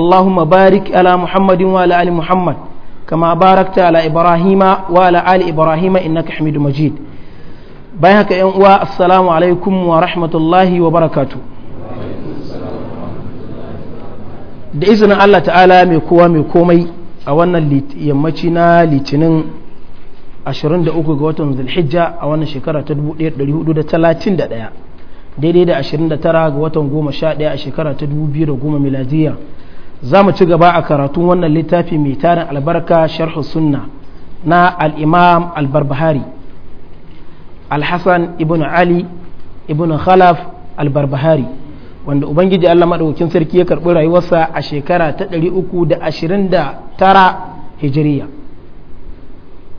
اللهم بارك على محمد وعلى آل محمد كما باركت على إبراهيم وعلى آل إبراهيم إنك حميد مجيد بايهك ينقوى السلام عليكم ورحمة الله وبركاته da izinin Allah ta'ala mai kowa mai komai a wannan yammaci na litinin 23 ga watan zulhijja a wannan shekara ta 1431 daidai da 29 ga watan 11 a shekara ta 2010 miladiyya za mu ci gaba a karatun wannan littafi mai tarin albarka sharhu sunna na al'imam albarbahari alhassan ibn ali ibn khalaf albarbahari wanda ubangiji allah maɗaukin sarki ya karɓi rayuwarsa a shekara ta 329 hijiriya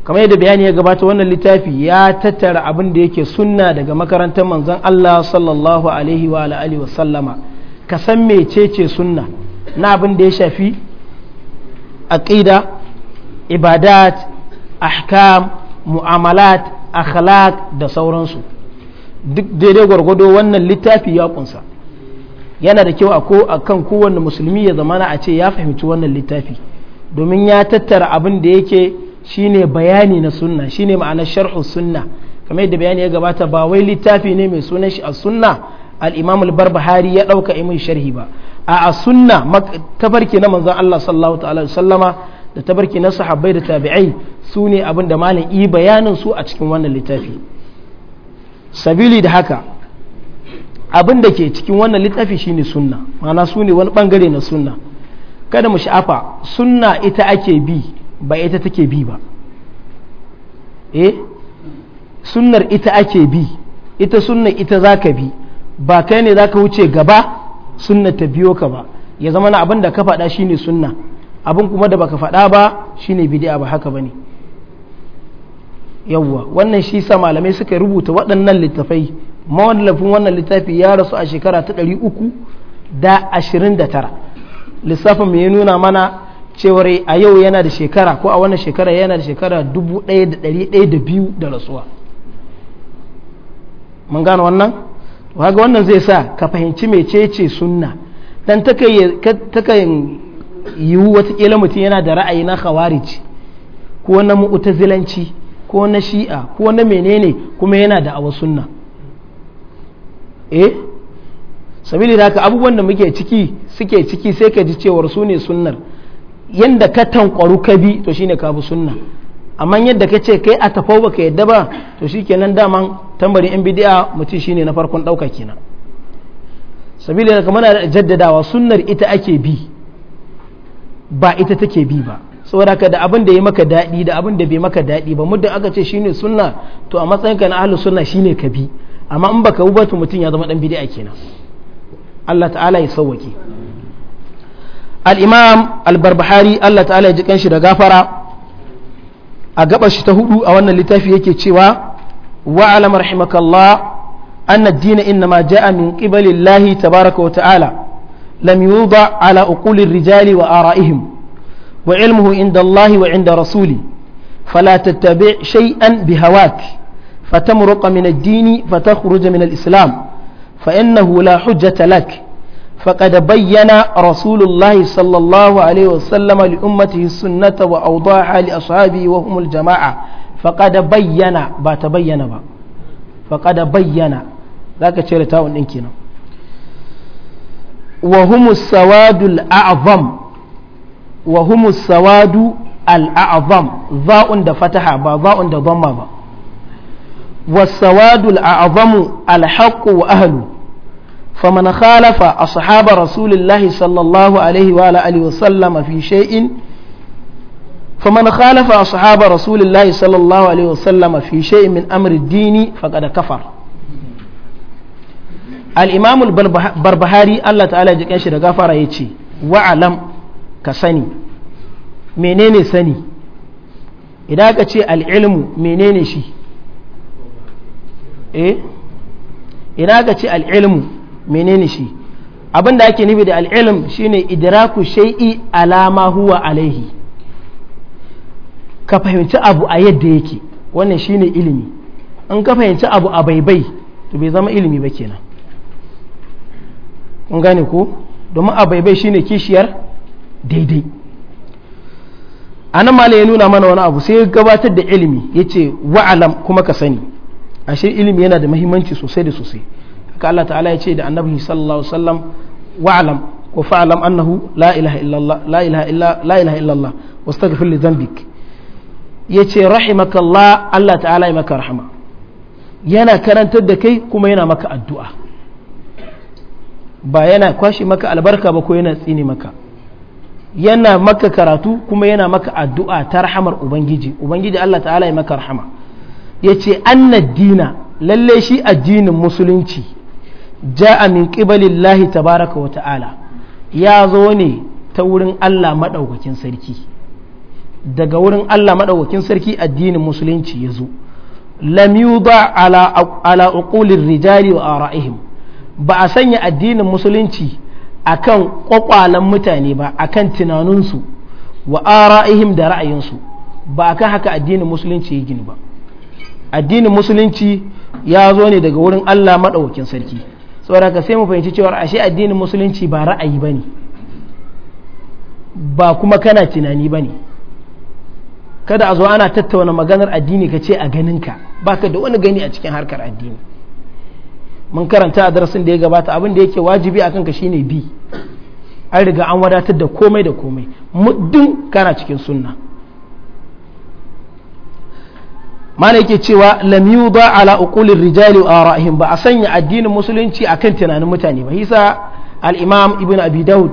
kamar yadda bayani ya gabata wannan littafi ya tattara abin da yake sunna daga makarantar manzon allah sallallahu alaihi wa sallama ka san mecece sunna na abin da ya shafi aqida ibadat ahkam mu'amalat akhlaq da sauransu duk daidai gwargwado wannan littafi ya kunsa yana da kyau a kan kowane musulmi ya zamana a ce ya fahimci wannan littafi domin ya tattara abin da yake shine bayani na sunna shine ma'anar sharhu sunna kamar yadda bayani ya gabata ba wai littafi ne mai sunan shi a sunna al-imam al-barbahari ya dauka imin sharhi ba a sunna tabarki na manzon Allah sallallahu ta'ala sallama da tabarki na sahabbai da tabi'ai su ne abin da malam yi bayanin su a cikin wannan littafi sabili da haka abin da ke cikin wannan littafi shine sunna ma'ana su ne wani bangare na sunna kada mu sha'afa sunna ita ake bi ba ita take bi ba eh sunnar ita ake bi ita sunna ita zaka bi ba kai ne zaka wuce gaba sunna ta biyo ka ba ya zama na abin da ka faɗa shine sunna abin kuma da baka faɗa ba shine bid'a ba haka bane yawwa wannan shi sa malamai suka rubuta waɗannan littafai mawallafin wannan littafi ya rasu a shekara ta ɗari uku da ashirin da tara lissafin mai nuna mana cewar a yau yana da shekara ko a wannan shekara yana da shekara dubu ɗaya da ɗari ɗaya da biyu da rasuwa mun gano wannan waga wannan zai sa ka fahimci mecece sunna dan takan yiwu watakila mutum yana da ra'ayi na khawarici ko na mu'tazilanci ko na shi'a ko na menene kuma yana da awa sunna eh sabili da haka abubuwan da muke ciki suke ciki sai ka ji cewar su ne sunnar yadda ka tankwaru ka bi to shine ka bi sunna amma yadda ka ce kai a tafau ka yadda ba to kenan daman tambarin yan bidiya mutum shine na farkon ɗauka kenan sabili da kamar jaddadawa sunnar ita ake bi ba ita take bi ba saboda ka da abin da ya maka daɗi da abin da bai maka daɗi ba muddin aka ce shine sunna to a matsayin ka na ahlus sunna shine ka bi amma in baka ba to mutum ya zama dan bidiya kenan Allah ta'ala ya sauwake al-imam al Allah ta'ala ya ji kan shi da gafara a gaba shi ta hudu a wannan littafi yake cewa wa alam rahimakallah anna ad-din inna ma ja'a min qibali Allah tabaraka wa ta'ala lam yuda ala uquli ar-rijali wa ara'ihim wa ilmuhu inda Allah wa inda rasuli fala tattabi' shay'an bihawak fatamruqa min ad-din fatakhruja min al-islam fa innahu la hujjata lak فقد بين رسول الله صلى الله عليه وسلم لأمته السنة وأوضاعها لأصحابه وهم الجماعة فقد بين با تبين با فقد بين ذاك تشرتاو نكينا وهم السواد الأعظم وهم السواد الأعظم ضاء دا فتحة با ضاء دا ضمة با والسواد الأعظم الحق وأهله فمن خالف أصحاب رسول الله صلى الله عليه وآله وسلم في شيء فمن خالف أصحاب رسول الله صلى الله عليه وسلم في شيء من أمر الدين فقد كفر الإمام البربهاري الله تعالى جكان شي غفر يتي وعلم كسني menene sani idan aka ce al'ilmu menene shi eh idan aka ce al'ilmu menene shi abin da ake nufi da al'ilm shine idraku shay'i alama huwa alaihi ka fahimci abu a yadda yake wannan shine ilimi in ka fahimci abu a baibai to bai zama ilimi ba kenan kun gane ko domin a baibai shine kishiyar daidai anan malam ya nuna mana wani abu sai gabatar da ilimi yace wa'alam kuma ka sani ashe ilimi yana da muhimmanci sosai da sosai haka Allah ta'ala ya ce da annabi sallallahu alaihi wasallam wa'lam ko fa'lam annahu la ilaha illallah la ilaha illa la ilaha illallah wastaghfir li dhanbik yace rahimakallah Allah ta'ala ya maka rahama yana karantar da kai kuma yana maka addu'a ba yana kwashi maka albarka ba ko yana tsini maka yana maka karatu kuma yana maka addu'a ta rahamar ubangiji ubangiji Allah ta'ala ya maka rahama yace anna dina lalle shi addinin musulunci ja'a min qibalillahi tabaraka wa ta'ala ya zo ne ta wurin Allah madaukakin sarki daga wurin Allah maɗaukakin sarki addinin musulunci ya zo lam ba ala rijali wa ara'ihim ba a sanya addinin musulunci akan kwakwalan mutane ba akan tunaninsu wa ara'ihim da ra'ayinsu ba kai haka addinin musulunci ya gini ba addinin musulunci ya zo ne daga wurin Allah maɗaukakin sarki saboda ka sai mu fahimci cewar ashe addinin musulunci ba ra'ayi bane ba kuma kana tunani bane kada a zo ana tattauna maganar addini ka ce a ganinka baka da wani gani a cikin harkar addini mun karanta a darasin da ya gabata abin da yake wajibi akan ka shine bi an riga an wadatar da komai da komai muddin kana cikin sunna mana yake cewa lam yuda ala uqulir rijali wa ara'ihim ba a sanya addinin musulunci akan tunanin mutane ba hisa al-imam ibn abi daud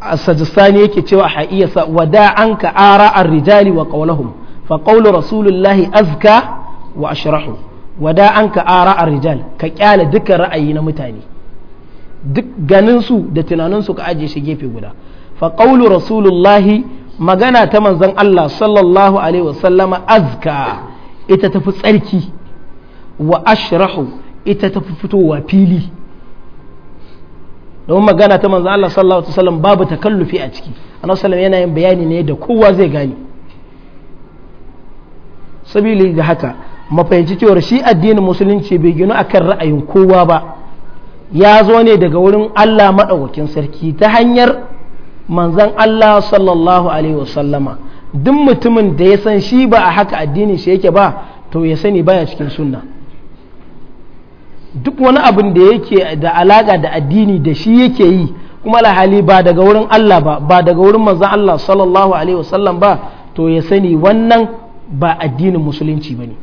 as-sajistani yake cewa haiyasa wada anka ara ar-rijali wa qawluhum fa qawlu azka wa ashrahu wada anka ara ar-rijal ka kyale dukkan ra'ayi na mutane duk ganin su da tunanin su ka aje shi gefe guda fa qawlu magana ta manzon Allah sallallahu alaihi wasallama azka ita ta fi tsarki wa ashrahu ita ta fi fitowa fili domin magana ta manzo Allah sallallahu alaihi wasallam babu takallufi a ciki annabi sallallahu yana yin bayani ne da kowa zai gani. sabili da haka mafahimci cewar shi addinin musulunci bai ginu akan ra'ayin kowa ba ya zo ne daga wurin Allah madaukakin sarki ta hanyar manzon Allah sallallahu alaihi wasallama duk mutumin da ya san shi ba a haka addini shi yake ba to ya sani baya cikin sunna duk wani abin da yake da alaka da addini da shi yake yi kuma alhali ba daga wurin Allah ba ba daga wurin manzon Allah sallallahu alaihi wasallam ba to ya sani wannan ba addinin musulunci bane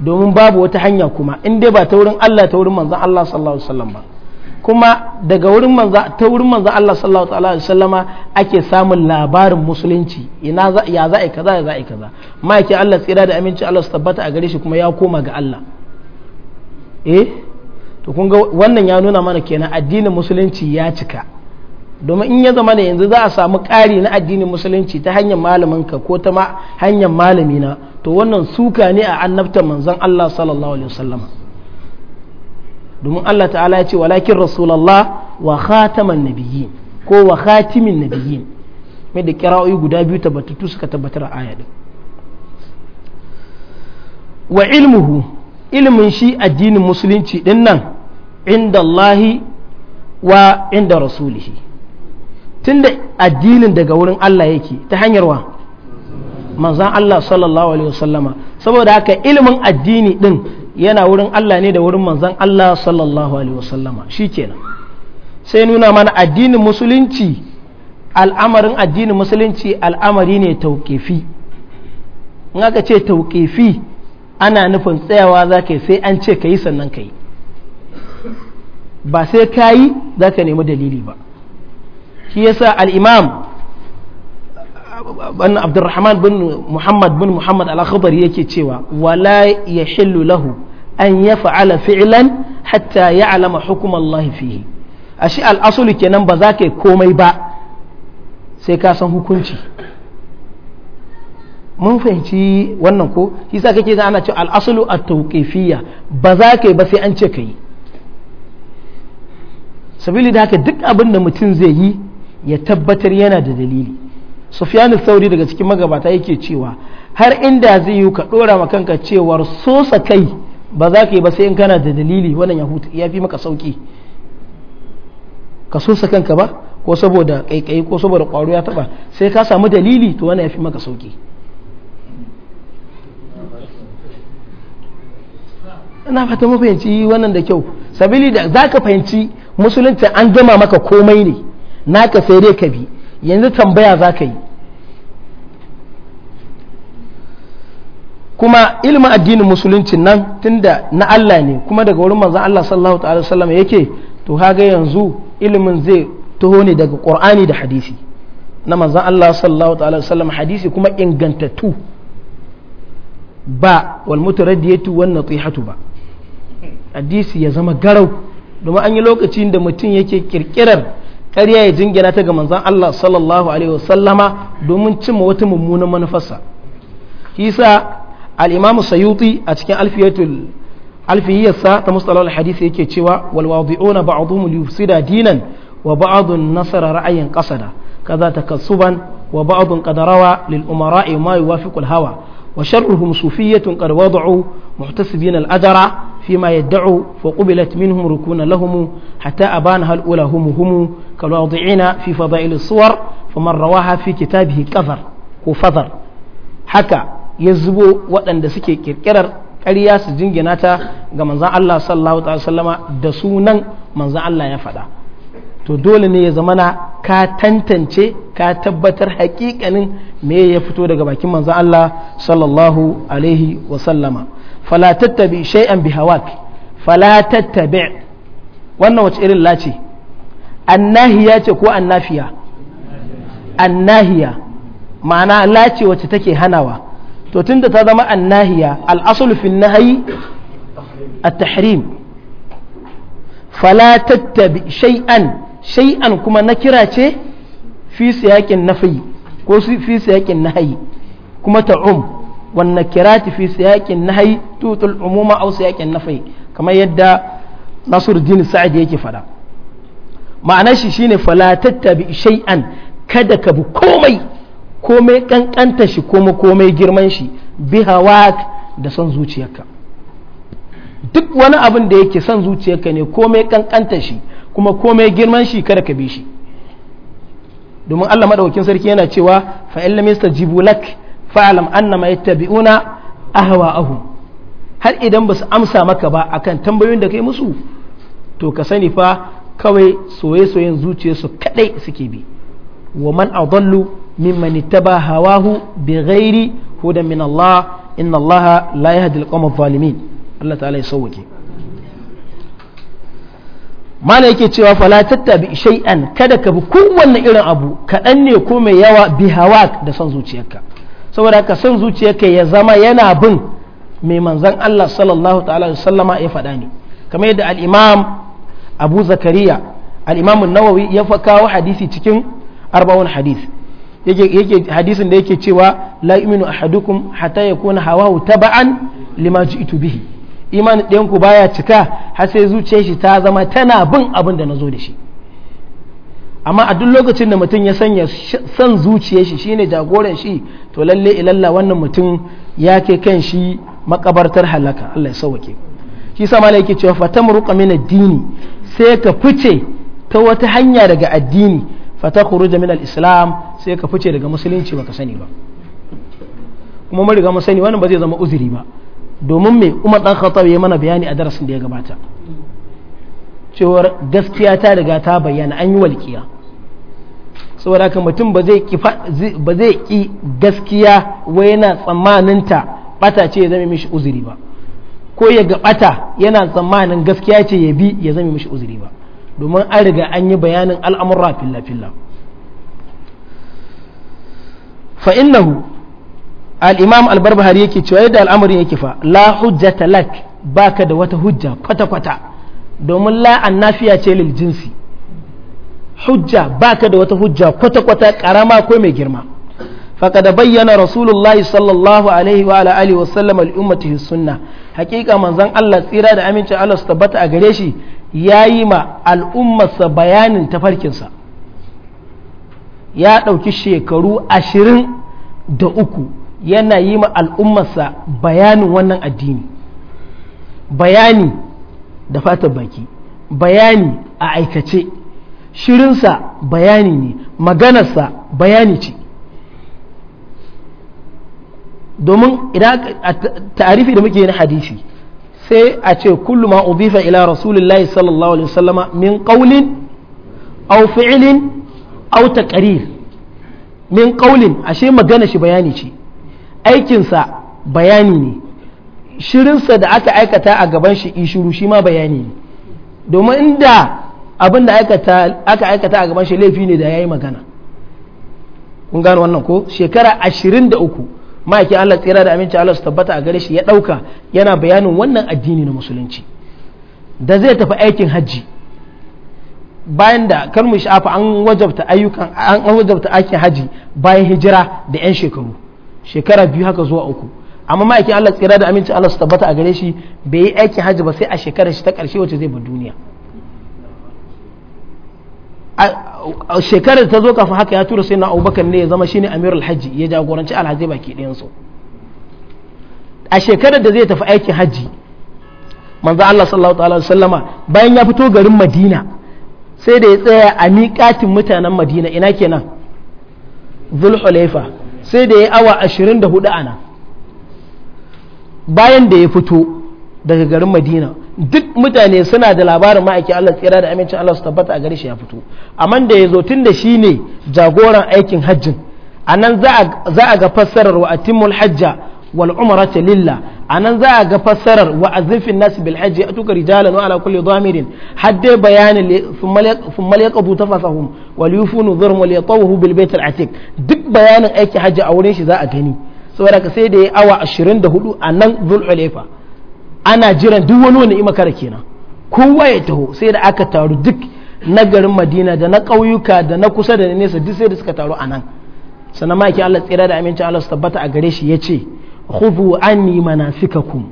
domin babu wata hanya kuma in dai ba ta wurin Allah ta wurin manzon Allah sallallahu alaihi wasallam ba kuma daga wurin manza ta wurin manza Allah sallallahu alaihi wasallama ake samun labarin musulunci ina za ya za a kaza ya za a kaza ma yake Allah tsira da aminci Allah su tabbata a gare shi kuma ya koma ga Allah eh to kun ga wannan ya nuna mana kenan addinin musulunci ya cika domin in ya zama ne yanzu za a samu ƙari na addinin musulunci ta hanyar ka ko ta hanyar malamina to wannan suka ne a annabta manzon Allah sallallahu alaihi wasallama domin Allah ta'ala ya ce walakin rasulullah wa khataman nabiyyin ko wa khatimin nabiyyin mai da kira'o'i guda biyu tabbatattu suka tabbatar aya din wa ilmuhu ilmin shi addinin musulunci din nan inda Allahi wa inda rasulihi tunda addinin daga wurin Allah yake ta hanyar wa manzan Allah sallallahu alaihi wasallama saboda haka ilmin addini din yana wurin Allah ne da wurin manzan Allah sallallahu alaihi wasallama shikenan sai nuna mana addinin musulunci al'amarin addinin musulunci al'amari ne tauƙefi in aka ce tauƙefi ana nufin tsayawa za ka sai an ce ka yi sannan ka yi ba sai ka yi za ka nemi dalili ba shi yasa al'imam wannan abdurrahman bin muhammad bin muhammad al-akhbari yake cewa wala yahillu lahu an yaf'ala fi'lan hatta ya'lama hukum Allah fihi ashi al-aslu kenan ba za ka komai ba sai ka san hukunci mun fahimci wannan ko yasa kake da ana cewa al'asulu a at ba za ka ba sai an ce kai sabili da haka duk abin da mutum zai yi ya tabbatar yana da dalili sufyan sauri daga cikin magabata yake cewa har inda zai yi ka ɗora ma kanka cewar sosa kai ba za ka yi ba sai in kana da dalili wannan ya hutu ya fi maka sauki ka sosa kanka ba ko saboda ƙaiƙayi ko saboda kwaro ya taba sai ka samu dalili to wannan ya fi maka sauki ina fata mu fahimci wannan da kyau sabili da za ka fahimci musulunci an gama maka komai ne naka sai dai ka bi yanzu tambaya za ka yi kuma ilimin addinin musulunci nan tunda na Allah ne kuma daga wurin manzon Allah sallallahu ta'ala wasallam yake to haga yanzu ilimin zai taho ne daga Qur'ani da hadisi na manzon Allah sallallahu ta'ala wasallam hadisi kuma ingantattu ba wal mutaraddiyatu wan natihatu ba hadisi ya zama garau domin an yi lokacin da mutum yake kirkirar ƙarya ya jingina ta ga manzon Allah sallallahu alaihi wasallama domin cimma wata mummunan manufarsa kisa al al’imamu sayuti a cikin alfiyyarsa ta mustalar hadisi yake cewa walwazi'o na ba'adu mu dinan wa ba'adun nasara ra'ayin kasada kaza ta kasuban wa ba'adun kadarawa lil umara'i ma yuwa fi kulhawa wa sharruhum sufiyyatun qad wad'u muhtasibina al adara fi ma yad'u fa qubilat minhum rukuna lahum hatta abana hal ula hum hum kalwadi'ina fi fada'il suwar famar rawa rawaha fi kitabihi qadar ko fadar haka ya zubo waɗanda suke ƙirƙirar ƙarya su jingina ta ga manzan Allah sallallahu alaihi wasallama da sunan manzan Allah ya faɗa to dole ne ya zamana ka tantance ka tabbatar hakikanin me ya fito daga bakin manzan Allah sallallahu alaihi wasallama fala tattabi shay'an hawak fala tattabi wannan wace irin lace annahiya ce ko annafiya annahiya ma'ana lace wacce take hanawa to da ta zama annahiya al'asul fi nahyi at-tahrim fala shay'an shay'an kuma na kira ce fi siyakin ko fi siyakin nahyi kuma ta'um wan nakirati fi siyakin nahyi tutul umuma aw siyakin nafi kamar yadda Nasiruddin sa'ad yake fada ma'anar shi shine fala tattabi shay'an kada ka bi komai komai kankanta shi kuma komai girman shi bi hawak da son zuciyarka duk wani abin da yake son zuciyarka ne komai kankanta shi kuma komai girman shi kada ka bi shi domin Allah madaukakin sarki yana cewa fa in lam yastajibu lak fa'lam annama yattabi'una ahwa'ahum har idan ba su amsa maka ba akan tambayoyin da kai musu to ka sani fa kawai soye-soyen zuciyarsu kadai suke bi wa man adallu mimman ittaba hawahu bi ghairi hudan min Allah inna Allah la yahdi al-qawma adh-dhalimin Allah ta'ala ya yake cewa fala tattabi shay'an kada ka bi kowanne irin abu kaɗan ne ko mai yawa bi hawa da son zuciyarka saboda ka son zuciyarka ya zama yana bin mai manzan Allah sallallahu ta'ala da sallama ya faɗa ne kamar yadda al'imam abu zakariya al'imam nawawi ya fa kawo hadisi cikin arba'un hadisi yake hadisin da yake cewa la yu'minu ahadukum hatta yakuna hawahu taba'an lima ji'tu bihi imanin ɗayan ku baya cika har sai zuciyar shi ta zama tana bin abin da nazo da shi amma a duk lokacin da mutum ya sanya san zuciyar shi shine jagoran shi to lalle ilalla wannan mutum ya ke kan shi makabartar halaka Allah ya sauke shi sa malai yake cewa fatamruqa min ad-dini sai ka fice ta wata hanya daga addini fata من الاسلام islam sai ka fice daga musulunci baka sani ba kuma mun riga mun sani wannan ba zai zama uzuri ba domin me Umar dan Khattab ya mana bayani a darasin da ya gabata cewar gaskiya ta riga ta bayyana an yi walƙiya saboda haka mutum ba zai ki ba zai ki gaskiya wai yana tsammanin ta bata ce ya zama mishi uzuri ba ko ya ga bata yana tsammanin gaskiya ce ya bi ya zama mishi uzuri ba domin an riga an yi bayanin al'amurra filla-filla fa'innahu al'imam albarbahari yake cewa yadda al'amarin yake fa la hujjata lak baka da wata hujja kwata-kwata domin la an ce lil jinsi hujja baka da wata hujja kwata-kwata karama ko mai girma فقد بين bayyana الله صلى الله عليه وعلى اله وسلم لامته السنه حقيقه منزon Allah tsira da amincin Allah su tabbata a gare shi ya yi ma al'ummarsa bayanin tafarkinsa ya ɗauki shekaru ashirin da uku yana yi ma al'ummarsa bayanin wannan addini bayani da fata baki bayani a aikace shirinsa bayani ne maganarsa bayani ce domin idan tarifi da muke na hadisi sai a ce kullu ma ubifa ila rasulillahi sallallahu alaihi wasallama min qaulin aw fi'lin aw taqrir min qaulin ashe magana shi bayani ce aikinsa bayani ne shirinsa da aka aikata a gaban shi ishuru shi ma bayani ne domin inda abin da aka aikata a gaban shi laifi ne da ya yi magana kun gano wannan ko shekara ashirin da uku ma'aikin Allah tsira da aminci Allah su tabbata a gare shi ya ɗauka yana bayanin wannan addini na musulunci da zai tafi aikin hajji bayan da kalmu shafa an wajabta ayyukan an wajabta aikin hajji bayan hijira da yan shekaru shekara biyu haka zuwa uku amma ma'aikin Allah tsira da aminci Allah su tabbata a gare shi bai yi aikin hajji ba sai a shekarar shi ta ƙarshe wacce zai bar duniya A shekarar ta zo kafin haka ya tura sai na abubakar ne ya zama shine amirul hajji ya jagoranci alhazai baki ɗayansu a shekarar da zai tafi aikin hajji manzo Allah sallallahu alaihi wasallama bayan ya fito garin Madina sai da ya tsaya a miƙatin mutanen Madina ina kenan Zulhulaifa sai da ya awa 24 ana bayan da ya fito daga garin madina duk mutane suna da labarin ma'aiki allah tsira da amincin allah su tabbata a gare shi ya fito amma da ya zo tun da shi ne jagoran aikin hajjin a nan za a ga fassarar wa atimul hajja wal umrata lillah a nan za a ga fassarar wa azifin nasi bil hajji atuka rijalan wa ala kulli dhamirin hadde bayanin thumma yaqdu tafasahum wal yufunu dhurm wal yatawu bil bait al atik duk bayanin aikin hajji a wurin shi za a gani saboda ka sai da ya awa 24 a nan dhul ana jiran duk wani wani imakara kenan kowa ya taho sai da aka taru duk na garin madina da na ƙauyuka da na kusa da nesa duk sai da suka taru a nan sannan ma'aikin allah tsira da amincin allah su tabbata a gare shi ya ce khudu anni manasikakum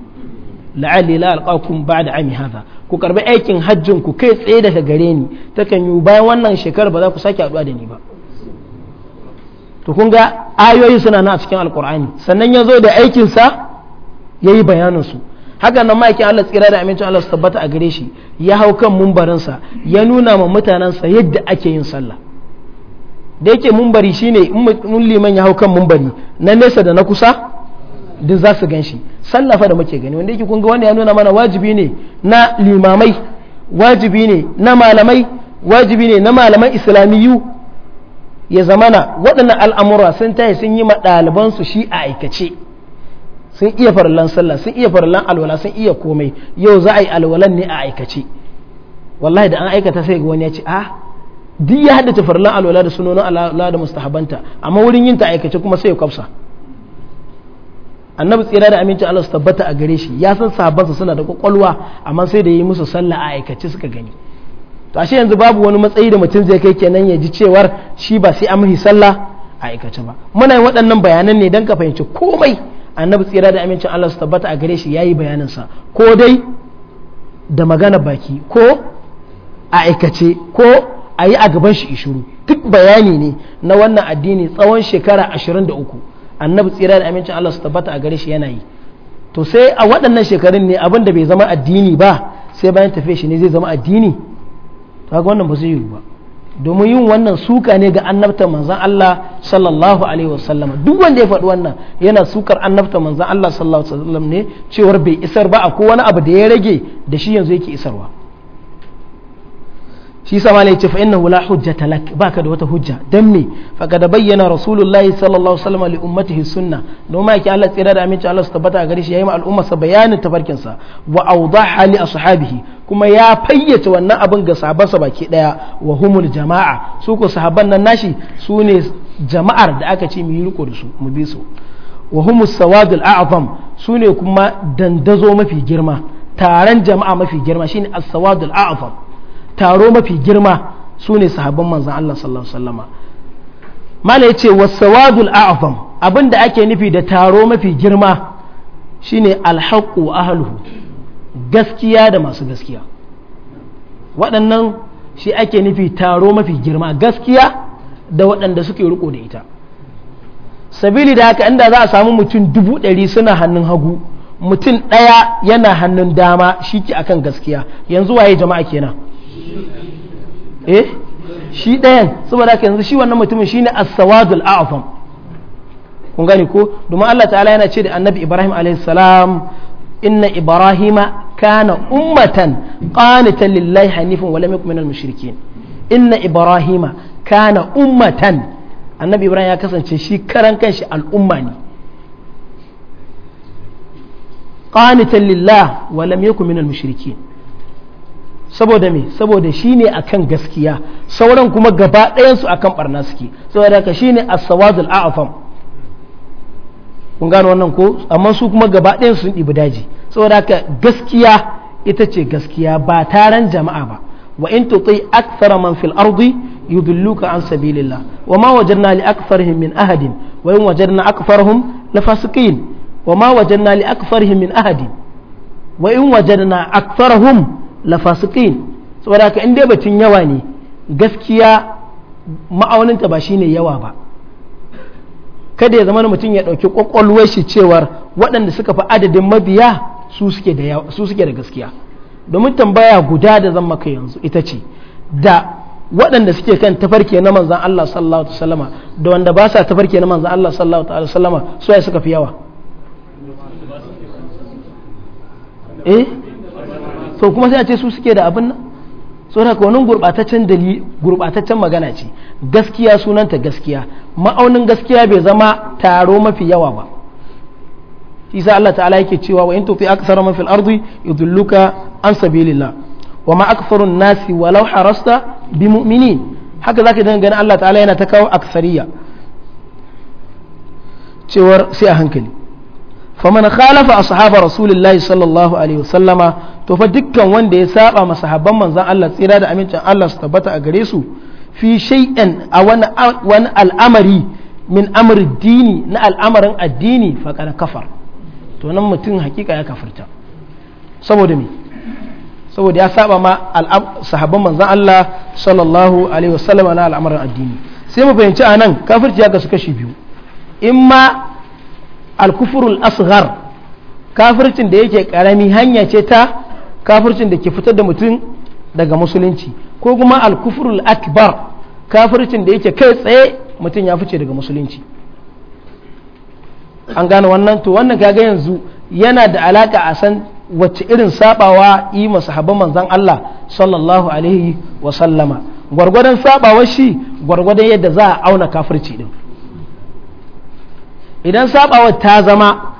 la'alli la alqakum ba'da ami hadha ku karbi aikin hajjin ku kai tsaye daga gare ni ta kan yi bayan wannan shekarar ba za ku sake haɗuwa da ni ba to kun ga ayoyi suna nan a cikin alqur'ani sannan ya zo da aikinsa ya yi bayanin su haka nan ma'aikin Allah tsira da amincin Allah su tabbata a gare shi ya hau kan mumbarinsa ya nuna ma mutanensa yadda ake yin sallah da yake mumbari shine in liman ya hau kan mumbari na nesa da na kusa duk za su gan shi sallah fa da muke gani wanda yake kunga wanda ya nuna mana wajibi ne na limamai wajibi ne na malamai wajibi ne na malaman islamiyu ya zamana waɗannan al'amura sun tayi sun yi ma ɗalibansu shi a aikace sun iya farlan sallah sun iya farlan alwala sun iya komai yau za a yi alwalan ne a aikace wallahi da an aikata sai ga wani ya ce ah duk ya haddace farlan alwala da sunonin alwala da mustahabanta amma wurin yin ta aikace kuma sai ya kwafsa annabi tsira da aminci Allah su tabbata a gare shi ya san sa suna da kwakwalwa amma sai da yi musu sallah a aikace suka gani to ashe yanzu babu wani matsayi da mutum zai kai kenan ya ji cewar shi ba sai an sallah a aikace ba muna yin waɗannan bayanan ne don ka fahimci komai annabi tsira da amincin Allah su tabbata a gare shi yayi bayanin sa ko dai da magana baki ko a aikace ko a yi a gaban shi ishuru duk bayani ne na wannan addini tsawon shekara 23 annabi tsira da amincin Allah su tabbata a gare shi yana yi to sai a waɗannan shekarun ne abin da bai zama addini ba sai bayan tafiye shi ne zai zama addini to ga wannan ba zai yiwu ba domin yin wannan suka ne ga annabta manzan Allah sallallahu alaihi wasallam duk wanda ya faɗi wannan yana sukar annabta manzan Allah sallallahu alaihi wasallam ne cewar bai isar ba a wani abu da ya rage da shi yanzu yake isarwa shi sama ne ce fa wula hujja talak ba ka da wata hujja dan me fa da bayyana rasulullahi sallallahu alaihi wasallam li ummatihi sunna don ma yake Allah tsira da aminci Allah su tabbata a gari shi yayi ma al'umma sa bayanin tafarkin sa wa awdaha li ashabihi kuma ya fayyace wannan abin ga sa baki daya wa humul jama'a su ko sahabban nan nashi su ne jama'ar da aka ce mu yi riko da su mu bi su wa humus sawadul a'zam su ne kuma dandazo mafi girma taron jama'a mafi girma shine as-sawadul a'zam taro mafi girma su ne sahabban manzan Allah sallallahu alaihi wasallama mala yace wasawadul a'zam abinda ake nufi da taro mafi girma shine alhaqu ahluhu gaskiya da masu gaskiya waɗannan shi ake nufi taro mafi girma gaskiya da waɗanda suke riko da ita sabili da haka inda za a samu mutum dubu ɗari suna hannun hagu mutum ɗaya yana hannun dama shi ke akan gaskiya yanzu waye jama'a kenan eh shi ɗayan saboda haka yanzu shi wannan mutumin shine as-sawadul a'zam kun gane ko domin Allah ta'ala yana ce da annabi Ibrahim alaihi salam inna ibrahima kana ummatan qanitan lillahi hanifan wa lam yakun minal inna ibrahima kana ummatan annabi ibrahim ya kasance shi karan kanshi al'umma ne qanitan lillahi wa lam yakun minal saboda me saboda shine akan gaskiya sauran kuma gaba ɗayan su akan barna suke saboda haka shine as-sawadul a'fam kun gano wannan ko amma su kuma gaba ɗayan sun ɗibi daji saboda haka gaskiya ita ce gaskiya ba taron jama'a ba wa in tuti akthara man fil ardi yudilluka an sabilillah wa ma wajadna li aktharihim min ahadin wa in wajadna aktharahum lafasiqin wa ma wajadna li aktharihim min ahadin wa in wajadna aktharahum la fasiqin saboda ka inda batun yawa ne gaskiya ma'auninta ba shine yawa ba kada ya zama mutum ya ɗauki ƙwaƙwalwar shi cewar waɗanda suka fi adadin mabiya su suke da gaskiya domin tambaya guda da zan maka yanzu ita ce da waɗanda suke kan tafarki na manzan Allah sallallahu alaihi wasallama da wanda ba sa tafarki na manzan Allah sallallahu alaihi wasallama su ya suka fi yawa eh to kuma sai a ce su suke da abin nan saboda ka gurbataccen magana ce gaskiya sunanta gaskiya ma'aunin gaskiya bai zama taro mafi yawa ba isa Allah ta'ala yake cewa wa in tufi aksar mafi fil ardi an sabilillah wa ma aktharun nasi walau harasta bi mu'minin haka zaka dinga gani Allah ta'ala yana ta kawo aksariya cewar sai a hankali faman khalafa ashaba rasulillahi sallallahu alaihi wasallama to fa dukkan wanda ya saba masa habban manzan Allah tsira da amincin Allah su tabbata a gare su fi shay'an a wani wani al'amari min amri dini na al'amarin addini fa kana kafar to nan mutum hakika ya kafirta saboda me saboda ya saba ma sahabban manzan Allah sallallahu alaihi wasallam na al'amarin addini sai mu fahimci anan kafirci ya kasu kashi biyu imma al-kufrul asghar kafircin da yake karami hanya ce ta kafircin da ke fitar da mutum daga musulunci ko kuma alkufrul akbar kafircin da yake kai tsaye mutum ya fice daga musulunci an gane wannan to wannan kaga yanzu yana da alaka a san wacce irin sabawa yi masahaban manzon Allah sallallahu alaihi wa sallama gwargwadon sabawa shi gwargwadon yadda za a auna kafirci din idan sabawa ta zama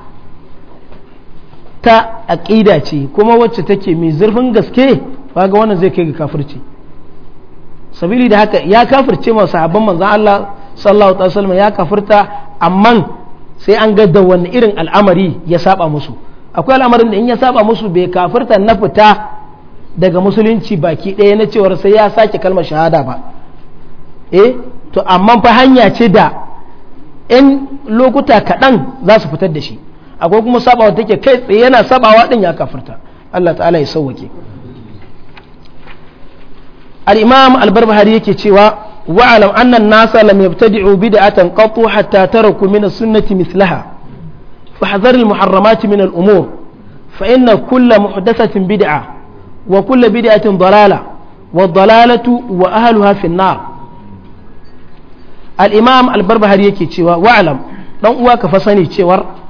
ta aƙida ce kuma wacce take mai zurfin gaske ba ga wannan zai kai ga kafirci sabili da haka ya kafirce masu sahabban manzan Allah sallallahu alaihi wasallam ya kafirta amma sai an ga da wani irin al'amari ya saba musu akwai al'amarin da in ya saba musu bai kafirta na fita daga musulunci baki ɗaya na cewar sai ya sake kalmar shahada ba eh to amma fa hanya ce da in lokuta kaɗan za su fitar da shi akwai kuma sabawa take kai tsaye yana sabawa din ya kafirta Allah ta'ala ya sauwake al-imam al-barbahari yake cewa wa'alam anna an-nasa lam yabtadi'u bid'atan qattu hatta taraku min as-sunnati mithlaha fahdhar al-muharramati min al-umur fa inna kulla muhdathatin bid'a wa kulla bid'atin dalala wa dalalatu wa ahluha fi an-nar al-imam al-barbahari yake cewa wa'alam dan uwa ka fa sani cewar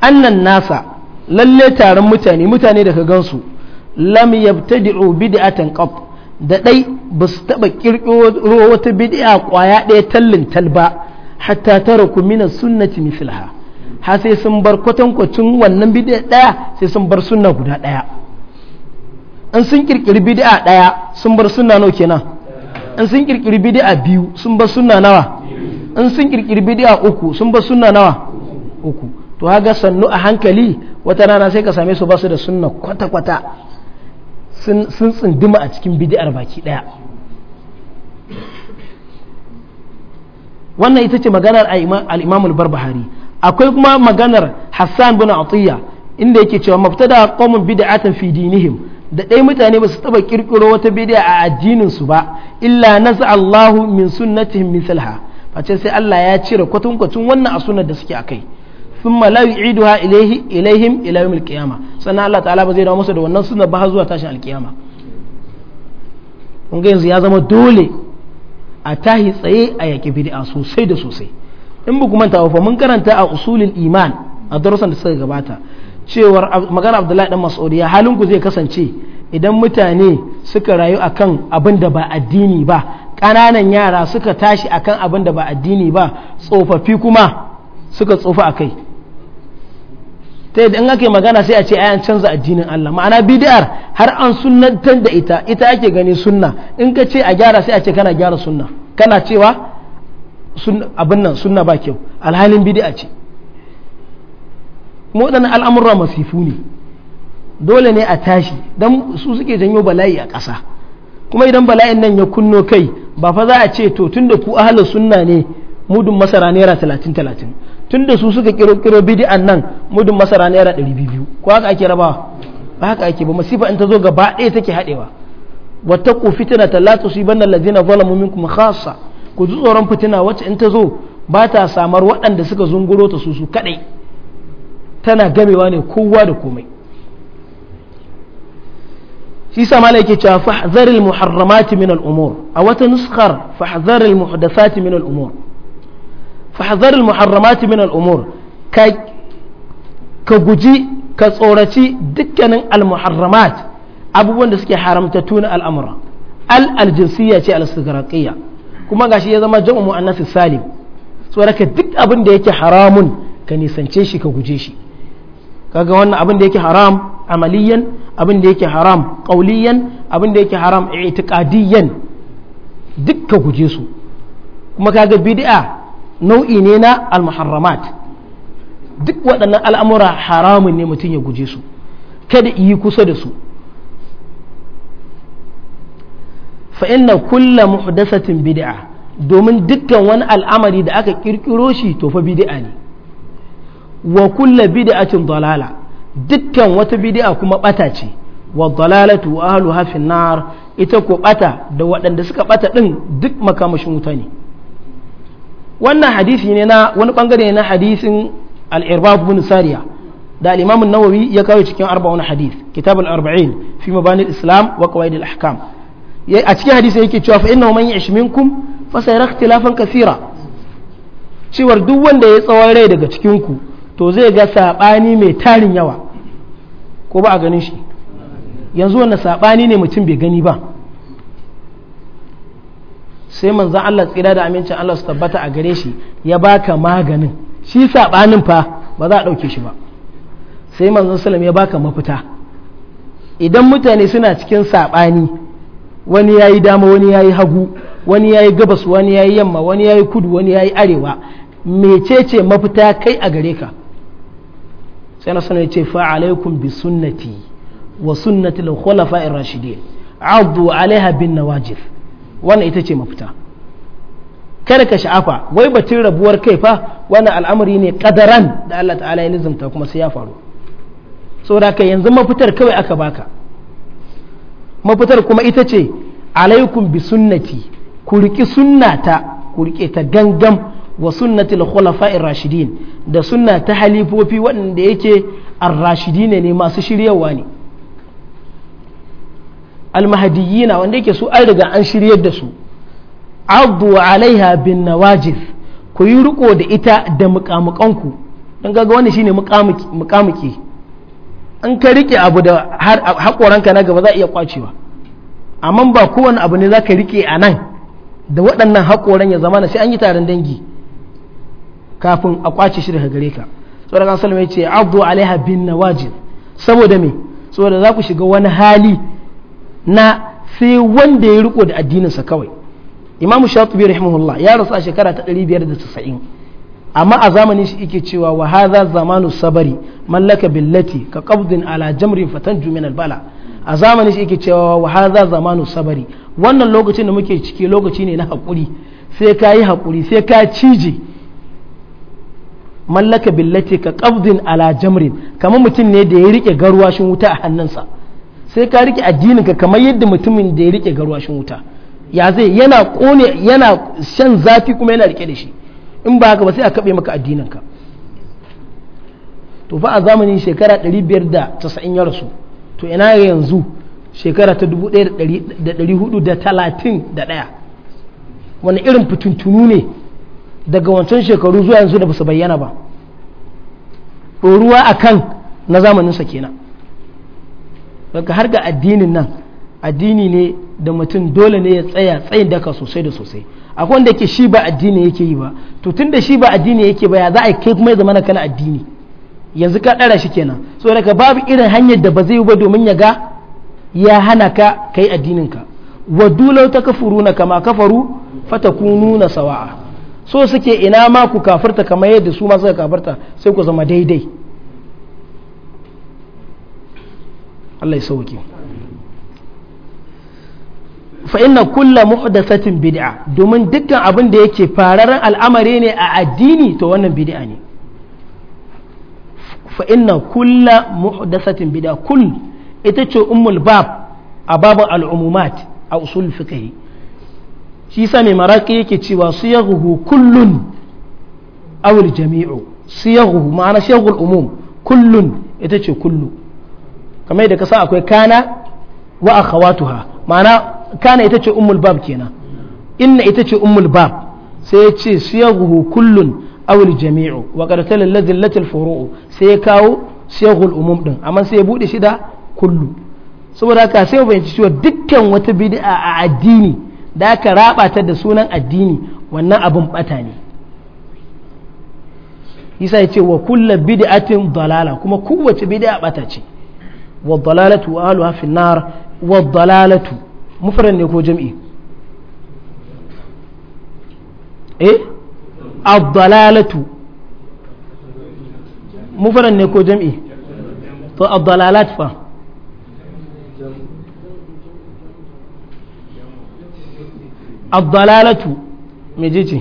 annan nasa lalle taron mutane mutane da ka gansu lam yabtadi'u bid'atan qat da dai ba su taba kirkiro wata bid'a kwaya ɗaya tallin talba hatta taraku min sunnati mislaha ha sai sun bar kwatankwacin wannan bid'a ɗaya sai sun bar sunna guda ɗaya in sun kirkiri bid'a ɗaya sun bar sunna nawa kenan in sun kirkiri bid'a biyu sun bar sunna nawa in sun kirkiri bid'a uku sun bar sunna nawa uku to haka sannu a hankali wata rana sai ka same su basu da sunna kwata-kwata sun tsindima a cikin bid'ar baki daya wannan ita ce maganar alimamul bar barbahari akwai kuma maganar hassan bin atiyya inda yake cewa mafita mabtada qaumun bid'atan fi dinihim da ɗaya mutane ba su taba kirkiro wata bidi'a a addininsu ba illa nasa Allahu min sunnatihim salha face sai Allah ya cire kwatankwacin wannan a sunar da suke akai thumma la yu'iduha ilayhi ilaihim ila yawmil qiyama sannan Allah ta'ala bazai zai dawo masa da wannan sunna ba zuwa tashin alkiyama kun ga yanzu ya zama dole a tahi tsaye a yaƙi bid'a sosai da sosai in ba kuma fa mun karanta a usulul iman a darussan da suka gabata cewar magana Abdullahi dan masu ya halin ku zai kasance idan mutane suka rayu akan abin da ba addini ba ƙananan yara suka tashi akan abin da ba addini ba tsofaffi kuma suka tsofa a kai ta yadda in aka magana sai a ce ayan canza addinin Allah ma'ana bid'ar har an sunnantar da ita ita ake gani sunna in ka ce a gyara sai a ce kana gyara sunna kana cewa abin nan sunna ba kyau alhalin bid'a ce dan al'amurra masifu ne dole ne a tashi dan su suke janyo bala'i a ƙasa kuma idan bala'in nan ya kunno kai ba fa za a ce to tunda ku ahlus sunna ne mudun masara naira talatin talatin tun da su suka kiro kiro bidi'an nan mudun masara naira ɗari biyu ko haka ake rabawa ba haka ake ba masifa in ta zo gaba ɗaya take haɗewa wata ku fitina ta latu su iban lalazina zalamu minkum khassa ku ji tsoron fitina wacce in ta zo ba ta samar waɗanda suka zunguro ta su su kaɗai tana gamewa ne kowa da komai shi sa mala yake cewa fahzaril muharramati min al-umur a wata nuskar fahzaril muhdathati min al-umur fahzar al min al-umur ka guji ka tsoraci dukkanin al-muharramat abubuwan da suke haramtattu na al'amura al-aljinsiyya ce al-sigaraqiyya kuma gashi ya zama jam'u muannas salim tsoraka duk abin da yake haramun ka nisance shi ka guje shi kaga wannan abin da yake haram amaliyan abin da yake haram qauliyan abin da yake haram i'tiqadiyan duk ka guje su kuma kaga bid'a nau'i ne na al-muharramat duk waɗannan al'amura haramun ne mutum ya guje su kada yi kusa da su fa'inna kulla muhdasatin bid'a domin dukkan wani al'amari da aka ƙirƙiro shi to tofa bid'a ne wa kulla bid'atin dalala dukkan wata bid'a kuma ɓata ce wa dalalatu ahluha fin nar ita ko ɓata da waɗanda suka ɓata ɗin duk makamashin wuta ne wannan hadisi ne na wani bangare na hadisin al irbab bin sariya da al-imam an-nawawi ya kawo cikin arba'un hadis kitab al-arba'in fi mabani al-islam wa qawaid al-ahkam a cikin hadisi yake cewa fa innahu man ya'ish minkum fa sayara ikhtilafan kaseera cewar duk wanda ya tsawon rai daga cikin ku to zai ga sabani mai tarin yawa ko ba a ganin shi yanzu wannan sabani ne mutum bai gani ba sai manzan Allah tsira da amincin Allah su tabbata a gare shi ya baka maganin shi saɓanin fa ba za a ɗauke shi ba sai manzan salam ya baka mafita idan mutane suna cikin saɓani wani ya yi dama wani ya yi hagu wani ya yi gabas wani ya yi yamma wani ya yi kudu wani ya yi arewa mecece mafita kai a gare ka sai na sanar ce fa alaikum bi sunnati wa sunnati al-khulafa'ir rashidin addu alaiha bin wannan ita ce mafita kada ka sha'afa wai batun rabuwar kai fa wannan al'amari ne kadaran da Allah ta'ala ya nizamta kuma sai ya faru saboda ka yanzu mafitar kawai aka baka mafitar kuma ita ce alaikum bi sunnati ku riki sunnata ku rike ta gangam wa sunnatil khulafa'ir rashidin da sunna ta halifofi waɗanda yake ar-rashidine ne masu shiryawa ne almahadiyina wanda yake su an riga an shiryar da su abu alaiha bin nawajif ku yi riko da ita da mukamukanku don gaga wani shine mukamuki an ka rike abu da haƙoranka na gaba za a iya kwacewa amma ba kowane abu ne za ka rike a nan da waɗannan haƙoran ya zama na sai an yi taron dangi kafin a kwace shi daga gare ka tsoron kan salama ya ce addu alaiha bin nawajif saboda me saboda za ku shiga wani hali na sai wanda ya riko da addininsa kawai imam shatubi rahimahullah ya rasu a shekara ta 590 amma a zamanin shi yake cewa wa hadha zamanu sabari mallaka billati ka qabdin ala jamrin fatanju min a zamanin shi yake cewa wa hadha zamanu sabari wannan lokacin da muke ciki lokaci ne na hakuri sai ka yi hakuri sai ka cije mallaka billati ka qabdin ala jamrin kamar mutum ne da ya rike garwashin wuta a hannunsa sai ka rike addinin ka kamar yadda mutumin da ya rike garwashin wuta ya zai yana kone yana shan zafi kuma yana rike da shi in ba haka ba sai a kabe maka addinin ka to fa a zamanin shekara 590 ya rasu to ina yanzu shekara ta 1431 wani irin fitintunu ne daga wancan shekaru zuwa yanzu da ba su bayyana ba ɗoruwa akan na zamaninsa kenan daga har ga addinin nan addini ne da mutum dole ne ya tsaya tsayin daka sosai da sosai akwai wanda yake shi ba addini yake yi ba to tun da shi ba addini yake ba ya za a kai kuma ya zama na kana addini yanzu ka ɗara shi kenan so daga babu irin hanyar da ba zai yi ba domin ya ga ya hana ka kai addinin ka ta kafuru na kama kafaru fata nuna sawa'a so suke ina ma ku kafarta kamar yadda su ma suka kafarta sai ku zama daidai Allah ya sauke fa inna kulla muhdathatin bid'a domin dukkan abin da yake fararen al'amari ne a addini to wannan bid'a ne fa inna kulla muhdathatin bid'a kull ita ce ummul bab a babin al'umumat a usul fiqh shi sa mai maraki yake cewa siyaghu kullun aw al jami'u siyaghu ma'ana siyaghu umum kullun ita ce kullu kamar yadda ka san akwai kana wa akhawatuha ma'ana kana ita ce ummul bab kenan inna ita ce ummul bab sai ya ce siyaguhu kullun aw al jami'u wa qad talalla dillatil furu'u sai ya kawo siyagul umum din amma sai ya bude shi da kullu saboda haka sai mu fahimci cewa dukkan wata bid'a a addini da aka raba ta da sunan addini wannan abin bata ne yasa ya ce wa kullu bid'atin dalala kuma kowace bid'a bata ce والضلالة وأهلها في النار والضلالة مفرد يكون جمعي إيه الضلالة مفرد يكون جمعي to abdalalat fa abdalalatu meje ce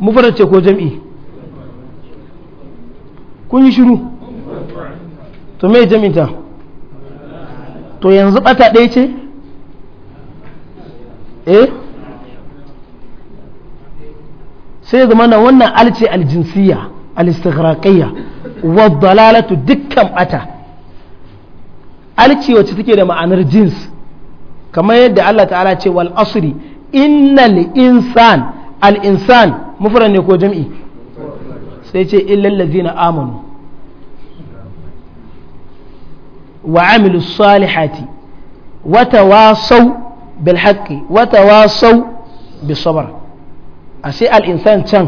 mufarad ce ko jam'i kun yi shiru to mai jami'ta to yanzu bata ɗaya ce eh sai zama na wannan alce aljinsiya alistighraqiyya wadda dalalatu dukkan bata alce wacce take da ma'anar jins kamar yadda Allah ta'ala ce wal asuri innal insan al insan mufrad ne ko jami'i sai ce illal na amanu وعملوا الصالحات وتواصوا بالحق وتواصوا بالصبر أسي الإنسان كان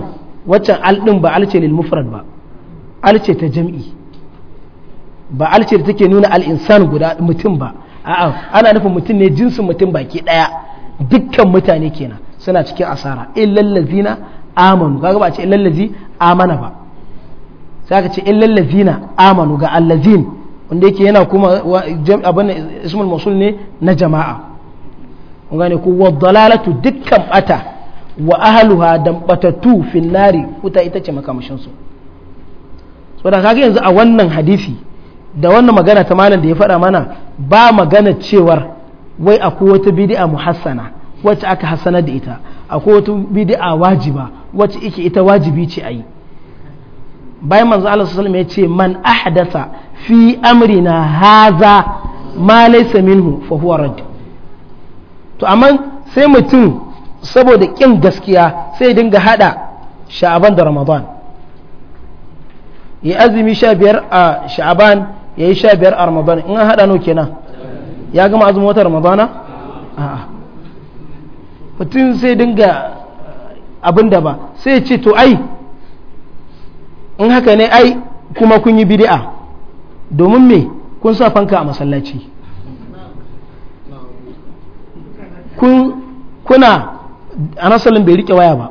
وكان ألدن بألتي للمفرد با ألتي تجمعي ba alce da take nuna al'insan guda mutum ba a'a ana nufin mutum ne jinsin mutum baki daya dukkan mutane kenan suna cikin asara illallazina amanu kaga ba ce illallazi amana ba sai aka ce na amanu ga allazin wanda yake yana kuma abin da ismul mausul ne na jama'a kun gane ku wa dalalatu dukkan bata wa ahluha dan batatu fil nari uta ita ce makamashin su saboda kage yanzu a wannan hadisi da wannan magana ta malam da ya faɗa mana ba magana cewar wai akwai wata bid'a muhassana wacce aka hassana da ita akwai wata bid'a wajiba wacce ike ita wajibi ce a yi bayan manzo Allah sallallahu ya ce man ahdatha fi amrina haza ma laysa minhu fa huwa rad to amma sai mutum saboda kin gaskiya sai dinga hada sha'aban da ramadan ya azumi sha biyar a sha'aban ya yi sha biyar a ramadan in an hada no kenan ya gama azumi wata ramadana a'a mutum sai dinga abin da ba sai ce to ai in haka ne ai kuma kun yi bid'a domin me kun sa fanka a masallaci kun kuna anasalin bai rike waya ba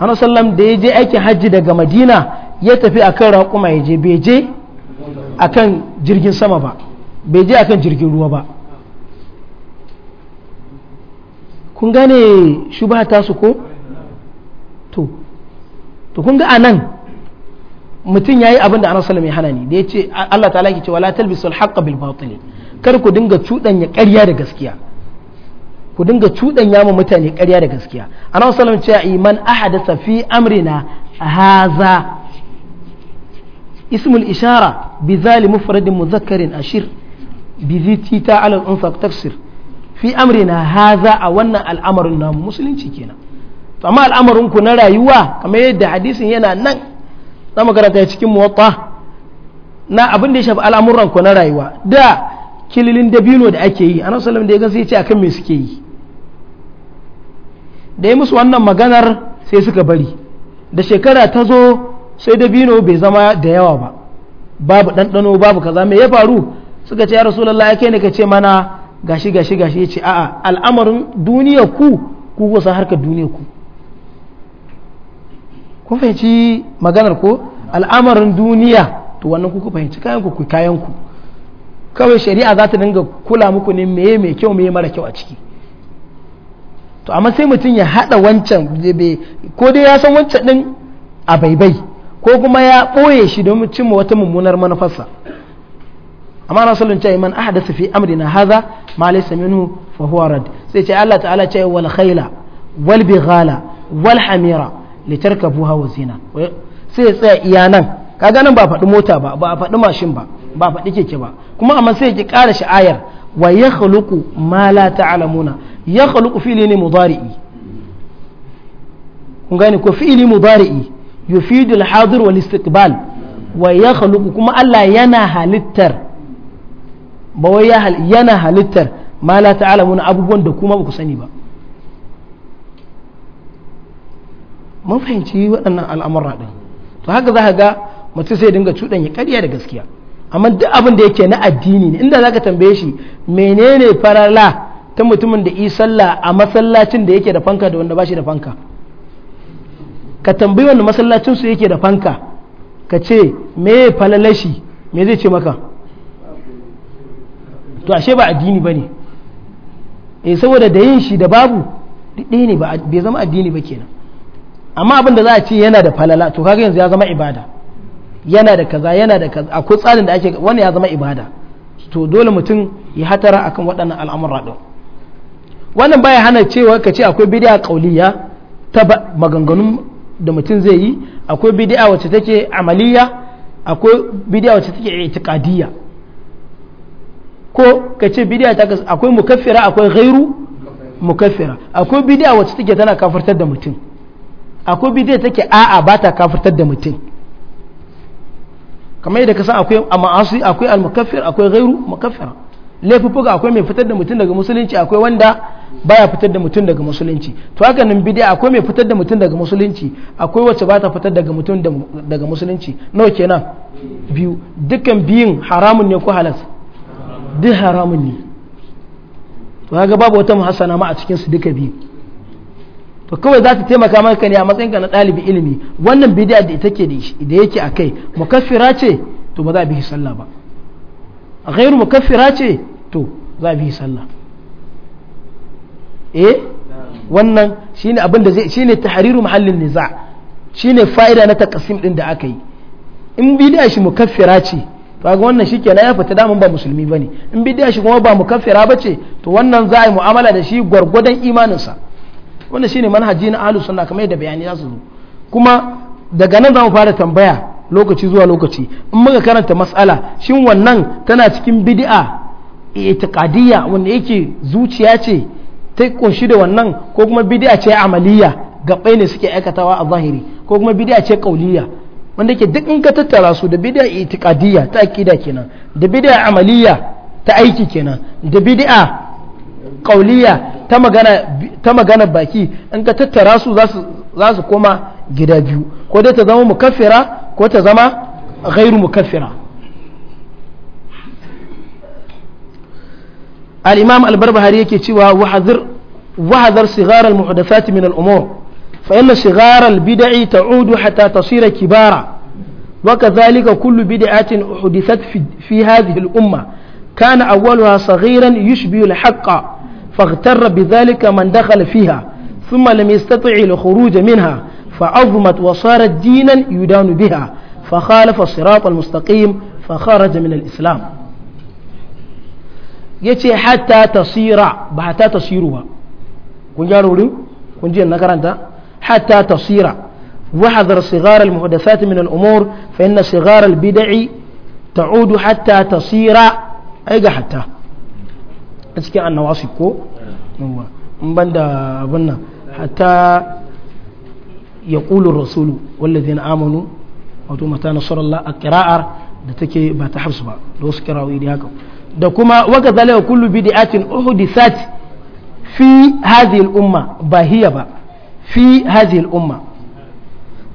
anasalin da ya je aikin hajji daga madina ya tafi akan kan raƙuma ya je bai je a jirgin sama ba bai je a kan jirgin ruwa ba kun gane shubha su ko to to kun ga anan mutum yayi abin da Annabi sallallahu ya hana ni da ce Allah ta ke cewa la talbisul haqqo bil batil kar ku dinga cudanya ƙarya da gaskiya ku dinga cudanya ma mutane ƙarya da gaskiya ana sallallahu alaihi ce iman ahadatha fi amrina haza ismul ishara bi zali mufradin muzakkarin ashir bi ta ala unsa tafsir fi amrina haza a wannan al'amarin namu musulunci kenan amma al'amarin ku na rayuwa kamar yadda hadisin yana nan za mu karanta cikin muwatta na abin da ya shafi al'amuran ku na rayuwa da kililin dabino da ake yi anan sallallahu da ya ga ya ce akan me suke yi da ya musu wannan maganar sai suka bari da shekara ta zo sai dabino bai zama da yawa ba babu ɗanɗano babu kaza me ya faru suka ce ya rasulullahi kai ne ka ce mana gashi gashi gashi ya ce a'a al'amarin duniya ku ku harkar duniya ku kun fahimci maganar ko al'amarin duniya to wannan ku fahimci kayan ku kayan ku kawai shari'a za ta dinga kula muku ne meye mai kyau meye mara kyau a ciki to amma sai mutum ya hada wancan ko dai ya san wancan din a baibai ko kuma ya ɓoye shi don cimma wata mummunar manufarsa amma na sallun cewa man ahdasa fi amrina haza ma laysa minhu fa huwa rad sai ce Allah ta'ala ce wal khayla wal bighala wal hamira buha hawa zina sai ya tsaya iya nan kaga nan ba faɗi mota ba ba a faɗi mashin ba ba faɗi keke ba kuma amma sai ki ƙara sha'ayar wa ya khaluqu ma la ta'lamuna ya khaluqu fi'li ne mudari'i kun gane ko fi'li mudari'i yufidu al-hadir wal istiqbal wa ya kuma Allah yana halittar ba wai yana halittar ma la ta'lamuna abubuwan da kuma ba ku sani ba mun fahimci waɗannan al'amurra ɗin to haka za ka ga mutum sai dinga cuɗan ya ƙarya da gaskiya amma duk abin da yake na addini ne inda za ka tambaye shi menene farala ta mutumin da isalla a masallacin da yake da fanka da wanda ba shi da fanka ka tambayi wanda masallacin su yake da fanka ka ce me falalashi me zai ce maka to ashe ba addini ba ne eh saboda da yin shi da babu ɗaya ne bai zama addini ba kenan amma abin da za a ce yana da falala to kaga yanzu ya zama ibada yana da kaza yana da kaza akwai tsarin da ake wani ya zama ibada to dole mutum ya hatara akan waɗannan al'amura ɗin wannan baya hana cewa ka ce akwai bidiya kauliya ta maganganun da mutum zai yi akwai bidiya wacce take amaliya akwai bidiya wacce take itiqadiyya ko ka ce bidiya ta akwai mukaffira akwai ghairu mukaffira akwai bidiya wacce take tana kafartar da mutum akwai bidiyar take a'a ba ta kafirtar da mutum kamar yadda kasan akwai akwai ma'asi akwai al-mukaffir akwai ghairu mukaffira laifuffuka akwai mai fitar da mutum daga musulunci akwai wanda baya fitar da mutum daga musulunci to haka nan bid'a akwai mai fitar da mutum daga musulunci akwai wacce ba ta fitar daga mutum daga musulunci nawa kenan biyu dukkan biyun haramun ne ko halas duk haramun ne to haka babu wata muhassana ma a cikin su duka biyu to kawai za ta taimaka maka ne a matsayin ka na ɗalibi ilimi wannan bid'a da ita ke da yake a kai mukaffira ce to ba za a bi sallah ba a ghairu mukaffira ce to za a bi sallah eh wannan shine abin da zai shine tahriru mahallin niza shine fa'ida na takasim din da aka yi in bidiya shi mukaffira ce to ga wannan shi kenan ya fita damun ba musulmi bane in bidiya shi kuma ba mukaffira bace to wannan za a yi mu'amala da shi gwargwadon imaninsa sa shi shine manhaji na alu suna kamar yadda bayani zasu zo kuma daga nan za mu fara tambaya lokaci zuwa lokaci in muka karanta matsala shin wannan tana cikin bid'a itiqadiyya wanda yake zuciya ce ta kunshi da wannan ko kuma bidi'a ce amaliya gabai ne suke aikatawa a zahiri ko kuma bid'a ce kauliyya wanda yake duk in ka tattara su da bid'a itiqadiyya ta akida kenan da bid'a amaliya ta aiki kenan da bid'a kauliyya ta magana baki in ka tattara su za su koma gida biyu ko dai ta zama mukaffira ko ta zama ghairu mukaffira al-imam al-barbahari yake cewa wahadhir wahadhar sigar al-muhdathat min al-umur fa inna sigar al-bid'i ta'udu hatta tasira kibara وكذلك كل بدعة أحدثت في, في هذه الأمة كان أولها صغيرا يشبه الحق فاغتر بذلك من دخل فيها ثم لم يستطع الخروج منها فعظمت وصارت دينا يدان بها فخالف الصراط المستقيم فخرج من الإسلام يتي حتى تصير ba hatta tasiru ba kun gyara wurin حتى تصير وحذر صغار المحدثات من الأمور فإن صغار البدع تعود حتى تصير أي حتى a cikin annawasi ko yawa in ban da abin nan hatta ya ƙulun rasulu wallazi amanu wato mata nasarallah a kira'ar da take ba ta hafsu ba da wasu kira'o'i da haka da kuma waka zalaya kullu bid'atin uhudisat fi hadhihi umma ba hiya ba fi hadhihi al-umma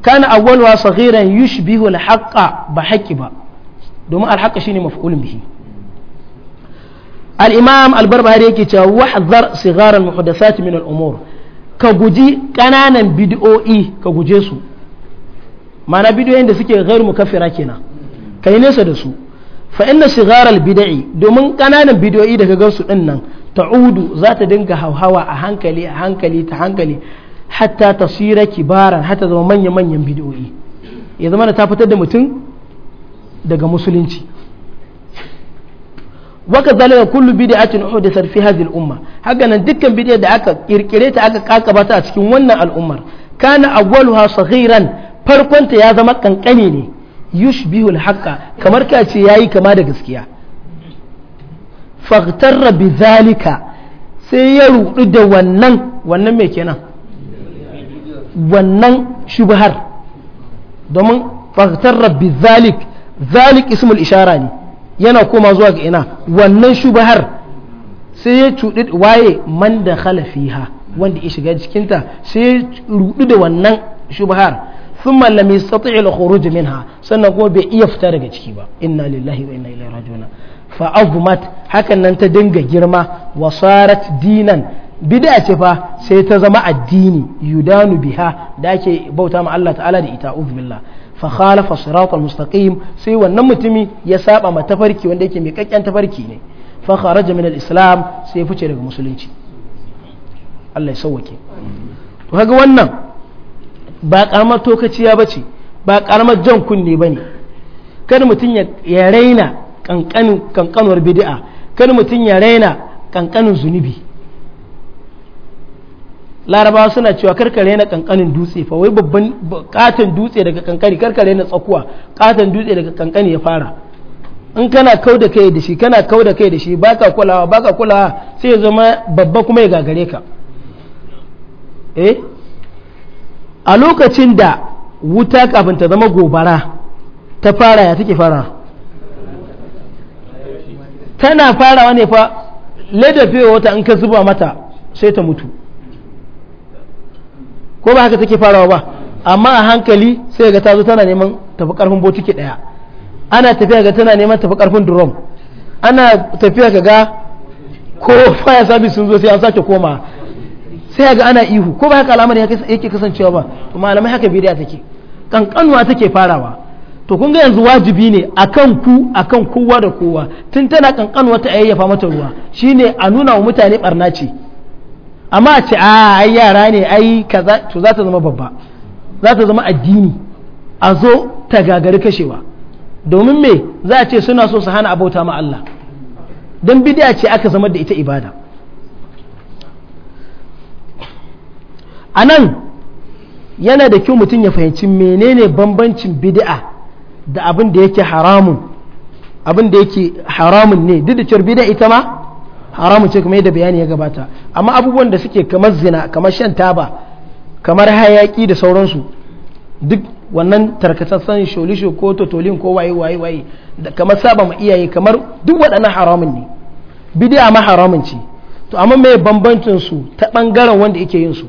kana awwaluha saghiran yushbihu al-haqqa ba haqqi ba domin al-haqqa shine maf'ulun bihi al-imam al yake cewa wahdhar sighar al-muhdathat min al-umur ka guji ƙananan bid'o'i ka guje su ma'ana bidiyoyin da suke gairu mukaffira kenan kai nesa da su fa inna sighar al-bid'i domin kananan bidiyo'i da ka ga su din nan ta'udu za dinga hauhawa a hankali a hankali ta hankali hatta tasira kibaran hatta zama manya-manyan bidi'o'i ya zama ta fitar da mutum daga musulunci waka zalika kullu bid'atin uhdithat fi hadhihi al-umma haka nan dukkan bid'a da aka kirkire ta aka kakaba ta a cikin wannan al'ummar kana awwaluha saghiran farkon ta ya zama kankane ne yushbihu al-haqqa kamar ka ce yayi kama da gaskiya faghtarra bi sai ya rudu da wannan wannan me kenan wannan shubhar domin faghtarra bi zalik zalik ismul ishara ne yana koma zuwa ga ina wannan shubahar sai ya cuɗi waye man da khalafiha wanda ya shiga cikinta sai ya rudu da wannan shubahar thumma lam yastati' al-khuruj minha sannan kuma bai iya fita daga ciki ba inna lillahi wa inna ilaihi fa azmat hakan nan ta dinga girma wa sarat dinan bid'a ce fa sai ta zama addini yudanu biha da ake bauta ma Allah ta'ala da ita uzbillah fa khalafa siratal mustaqim sai wannan mutumi ya saba ma tafarki wanda yake mai kakkyan tafarki ne fa kharaja min al-islam sai ya fice daga musulunci Allah ya sauke to kaga wannan ba karamar tokaciya bace ba karamar jan kunne bane kada mutun ya raina kankanuwar bid'a kada mutum ya raina kankanin zunubi larabawa suna cewa karkare na kankanin dutse fa wai babban katon dutse daga kankani karkare na tsakuwa katon dutse daga kankani ya fara in kana kau da kai da shi kana kau da kai da shi baka kulawa baka kulawa sai ya zama babba kuma ya gagare ka eh a lokacin da wuta kafin ta zama gobara ta fara ya take fara tana farawa ne fa ladafewa wata in ka zuba mata sai ta mutu ko ba haka take farawa ba amma a hankali sai ga ta tana neman tafi karfin botiki daya ana tafiya ga tana neman tafi karfin drum ana tafiya ga ga ko fire service sun zo sai an sake koma sai ga ana ihu ko ba haka al'amari yake kasancewa ba to malamai haka bidiya take kankanuwa take farawa to kun ga yanzu wajibi ne akan ku akan kowa da kowa tun tana kankanuwa ta yayyafa mata ruwa shine a nuna wa mutane barna ce amma ce a ah, ai yara ne ai kaza to za ta zama babba za ta zama addini a zo ta gagari kashewa domin me za a ce suna so su hana abauta ma Allah don bidiya ce aka zama da ita ibada a nan yana da kyau mutum ya fahimci menene bambancin bid'a da abin da yake haramun abin da yake haramun ne duk da cewar bid'a ita ma haramun ce kuma yadda bayani ya gabata amma abubuwan da suke kamar zina kamar shan taba kamar hayaki da sauransu duk wannan tarkatassan sholisho ko totolin ko waye waye waye da kamar saba ma iyaye kamar duk waɗannan haramun ne bidiya ma haramun ce to amma mai bambancin su ta ɓangaren wanda yake yin su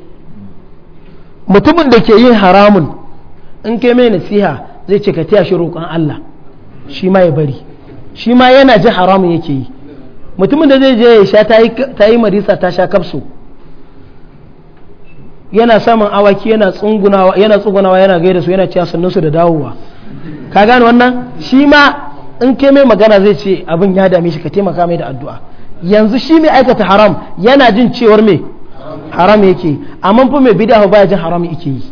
mutumin da ke yin haramun in kai mai nasiha zai ce ka taya shi roƙon Allah shi ma ya bari shi ma yana ji haramun yake yi mutumin da zai je ya sha ta yi marisa ta sha kafsu yana samun awaki yana tsugunawa yana gaida su yana cewa sannan da dawowa ka gane wannan shi ma in kai mai magana zai ce abin ya dame shi ka taimaka mai da addu'a yanzu shi mai aikata haram yana jin cewar me haram yake amma fa mai bid'a baya jin haram yake yi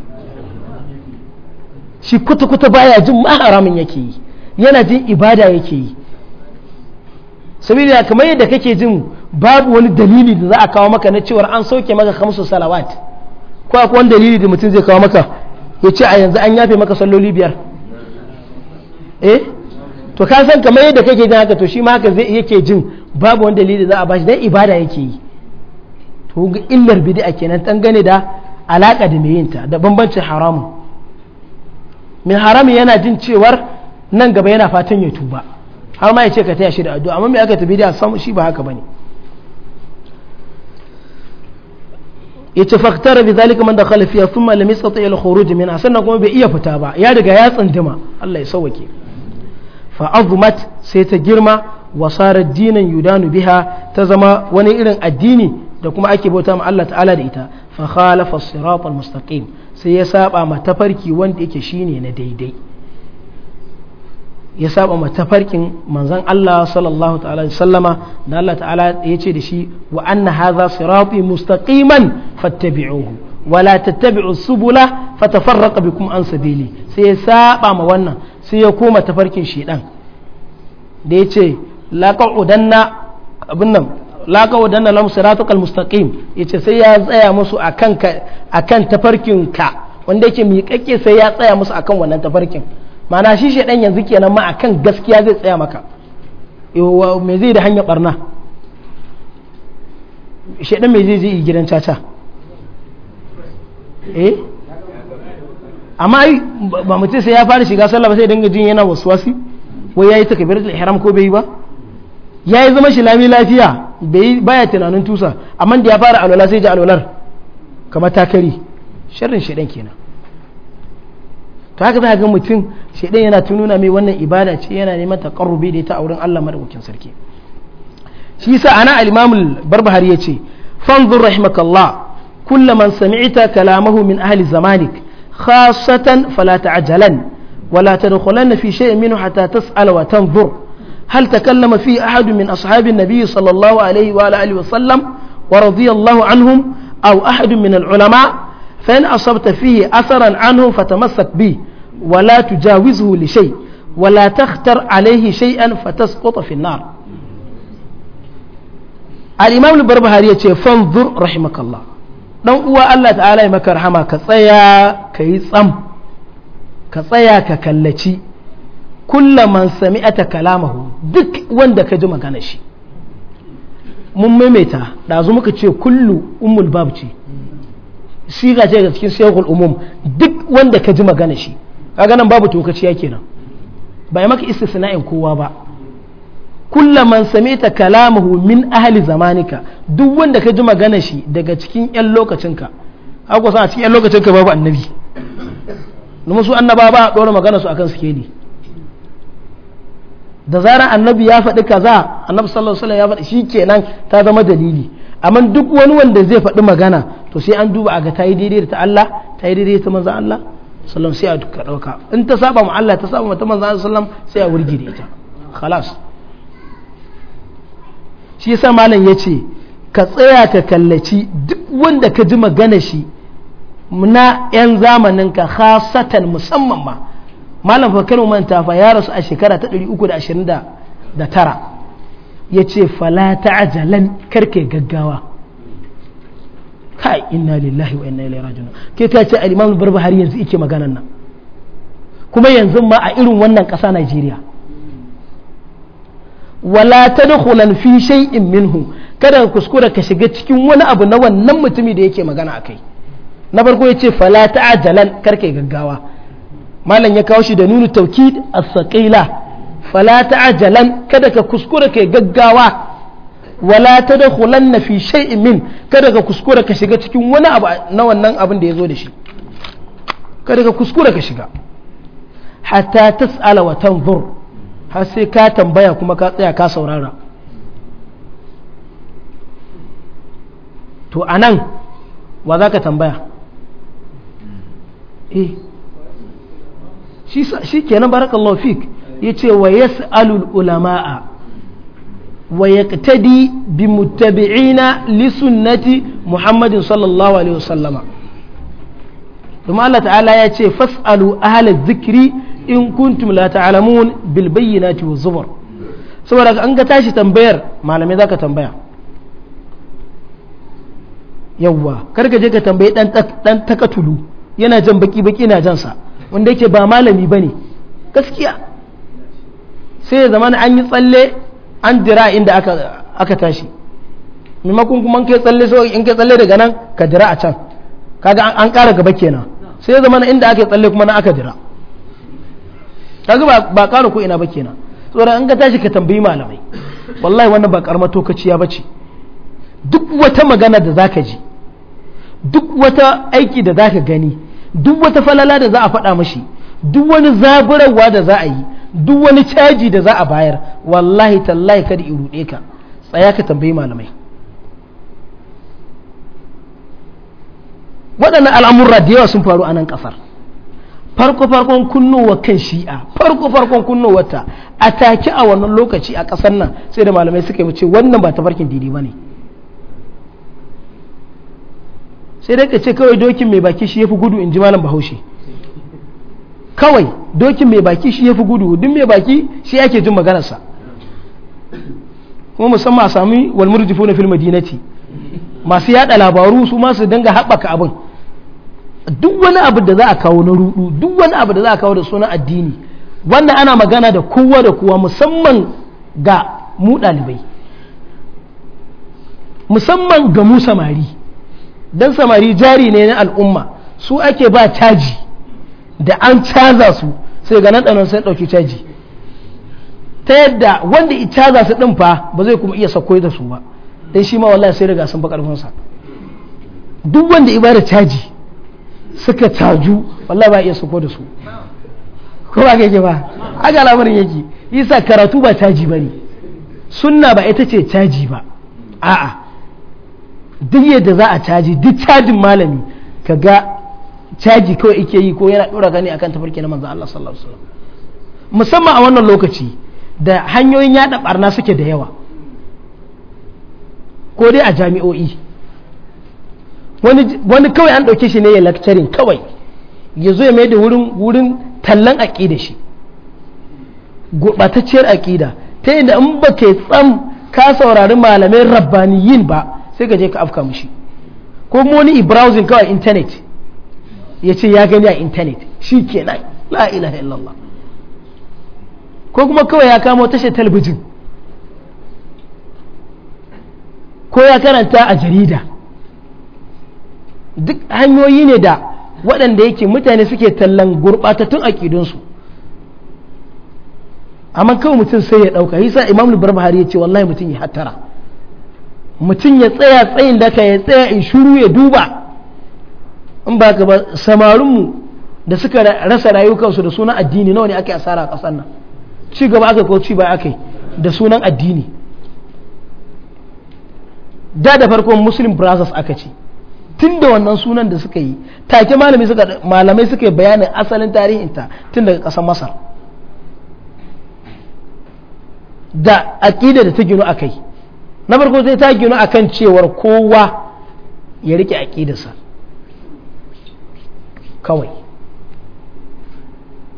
shi kuta kuta baya jin ma haramin yake yi yana jin ibada yake yi saboda kamar yadda kake jin babu wani dalili da za a kawo maka na cewar an sauke maka kamsu salawat ko akwai wani dalili da mutum zai kawo maka ya ce a yanzu an yafe maka salloli biyar eh to ka san kamar yadda kake jin haka to shi ma haka zai yake jin babu wani dalili da za a bashi dan ibada yake yi to ga illar bid'a kenan gane da alaka da mai yinta da bambancin haramun mai haramun yana jin cewar nan gaba yana fatan ya tuba har ma ya ce ka taya shi da addu'a amma me aka tafi da samu shi ba haka bane yace faktar bi zalika man dakhala fiha thumma lam yastati al khuruj minha sannan kuma bai iya fita ba ya daga ya tsindima Allah ya sauke fa sai ta girma wa sarat dinan yudanu biha ta zama wani irin addini da kuma ake bauta ma Allah ta'ala da ita fa khalafa as mustaqim sai ya saba ma tafarki wanda yake shine na daidai ya saba ma tafarkin manzon Allah sallallahu ta'ala alaihi sallama da Allah ta'ala ya ce da shi wa anna hadha sirati mustaqiman fattabi'uhu wa la tattabi'u subula fatafarraqa bikum an sabili sai ya saba ma wannan sai ya koma tafarkin shedan da ya ce la abin nan la lam siratukal mustaqim yace sai ya tsaya musu akan akan tafarkin ka wanda yake miƙaƙƙe sai ya tsaya musu akan wannan tafarkin mana shi shaidan yanzu kenan ma akan gaskiya zai tsaya maka me zai da hanyar barna shaidan me zai zai yi gidan caca eh amma ai ba mutum sai ya fara shiga sallah ba sai dinga jin yana waswasi wai yayi takbiratul ihram ko bai ba yayi zama shi lami lafiya bai baya tunanin tusa amma da ya fara alwala sai ji alwalar kamar takari sharrin shaidan kenan to haka za ga mutum shaidan yana tununa mai wannan ibada ce yana neman taqarrubi da ita auren wurin Allah madaukakin sarki shi yasa ana al-Imam al-Barbahari yace fanzur rahimakallah kullu man sami'ta kalamahu min ahli zamanik khassatan fala ta'jalan ولا تدخلن في شيء منه حتى تسأل وتنظر هل تكلم فيه أحد من أصحاب النبي صلى الله عليه وآله وسلم ورضي الله عنهم أو أحد من العلماء فإن أصبت فيه أثرا عنه فتمسك به wala tujawizhu li shay wala takhtar alaihi shay'an fatasquta fi nar al-imam al-barbahari yace fanzur rahimakallah dan uwa Allah ta'ala ya maka rahama ka tsaya ka yi tsam ka tsaya ka kallaci kulla man sami'ata kalamahu duk wanda ka ji magana shi mun maimaita ɗazu muka ce kullu ummul bab ce siga ce ga cikin shekul umum duk wanda ka ji magana shi kaga nan babu tokaciya kenan ba maka istisna'in kowa ba kulla man samita kalamuhu min ahli zamanika duk wanda ka ji magana shi daga cikin yan lokacinka haka sa a cikin yan lokacinka babu annabi domin su annaba ba dora magana su akan sikeli da zarar annabi ya faɗi kaza annabi sallallahu alaihi wasallam ya faɗi shikenan ta zama dalili amma duk wani wanda zai faɗi magana to sai an duba a ga ta yi daidai da ta Allah ta yi daidai ta manzon Allah sallam sai a duka dauka in ta saba ma Allah ta saba ma ta manzon sallam sai a wurgi ita khalas shi yasa malam yace ka tsaya ka kallaci duk wanda ka ji magana shi na yan zamanin ka khasatan musamman ma malam fa kano manta fa ya rasu a shekara ta 329 yace fala kar karke gaggawa kai inna lillahi wa inna ilaihi raji'un ke ta ce al imamu barbahari yanzu yake maganan nan kuma yanzu ma a irin wannan ƙasa Najeriya wala tadkhulan fi shay'in minhu kada ka kuskura ka shiga cikin wani abu na wannan mutumi da yake magana akai na farko yace fala ta'jalan karke gaggawa malam ya kawo shi da nunu tawkid as-saqila fala ta'jalan kada ka kuskura kai gaggawa wala ta hulan na fi shay'in min kada ka kuskura ka shiga cikin wani abu na wannan abin da ya zo da shi kada ka kuskura ka shiga hatta tsala wa tanzur har sai ka tambaya kuma ka tsaya ka saurara to anan wa za ka tambaya eh shi kenan barakallahu fik ya ce wa yas'alul ulama'a ويقتدي بمتبعين لسنة محمد صلى الله عليه وسلم ثم الله تعالى يأتي فاسألوا أهل الذكر إن كنتم لا تعلمون بالبينات والزبر سوى لك أنك تاشي تنبير ما لم يذاك تنبير يوا كرك جيك تنبير أن تكتلو yana jan baki-baki na jansa wanda yake ba malami ba ne gaskiya sai ya zama an yi tsalle an dira inda aka tashi maimakon kuma in kai tsalle so in kai tsalle daga nan ka dira a can kaga an ƙara gaba kenan sai ya zama na inda aka tsalle kuma na aka dira kaga ba ƙara ko ina ba kenan saboda an ka tashi ka tambayi malamai wallahi wannan ba karma tokaciya ba ce duk wata magana da za ka ji duk wata aiki da za ka gani duk wata falala da za a faɗa mashi duk wani zaburarwa da za a yi duk wani caji da za a bayar wallahi tallahi kada i ruɗe ka tsaya ka tambayi malamai waɗannan al'amurra da yawa sun faru a nan ƙasar farko-farkon kunnowa kan shi'a farko-farkon ta a take a wannan lokaci a ƙasar nan sai da malamai suka yi ce wannan ba ta farkin didi ba ne sai dai ka ce kawai dokin mai baki shi ya fi gudu in ji malam bahaushe kawai dokin mai baki shi ya fi gudu duk mai baki shi yake jin maganarsa kuma musamman a sami jifo na filma dinati masu yada labaru su masu dinga haɓaka abin duk wani abu da za a kawo na rudu duk wani abu da za a kawo da suna addini wannan ana magana da kowa da kowa musamman ga mu ɗalibai musamman ga mu samari don samari jari ne na al'umma su ake ba caji da an caza su sai ga nan ɗanon sai ɗauki caji ta yadda wanda i caza su ɗin fa ba zai kuma iya sako da su ba dan shi ma wallahi sai riga sun bakar ƙarfinsa duk wanda i bada caji suka caju wallahi ba iya sako da su ko ba kake ba haka lamarin yake isa karatu ba caji ba ne sunna ba ita ce caji ba a'a duk yadda za a caji duk cajin malami ka ga caji kawai yake yi ko yana dora gani akan tafarki na manzo Allah sallallahu alaihi wasallam musamman a wannan lokaci da hanyoyin yada barna suke da yawa ko dai a jami'o'i wani kawai an ɗauke shi ne ya lakcarin kawai ya zo ya mai da wurin tallan aƙida shi gurɓatacciyar aƙida ta inda in ba ke tsam ka saurari malamai rabbaniyin ba sai ka je ka afka mushi ko wani ibrowsing kawai intanet ya ce ya gani a intanet shi kenan la ilaha illallah ko kuma kawai ya kamo tashar talbijin ko ya karanta a jarida duk hanyoyi ne da waɗanda yake mutane suke tallan gurɓatattun aƙidunsu amma kawai mutum sai ya ɗauka sa imam al-barbahari ya ce wallahi mutum ya hattara mutum ya tsaya tsayin daka ya tsaya in shuru ya duba in ba ka ba samarinmu da suka rasa rayukansu da sunan addini nawa ne ake asara a ƙasar nan ci gaba aka ko ci baya aka yi da sunan addini da da farkon muslim brothers aka ce tun da wannan sunan da suka yi take malamai suka malamai suka yi bayanin asalin tarihinta tun daga ƙasar masar da aƙida da ta gino a kai na farko sai ta gino a kan cewar kowa ya rike aƙidarsa kawai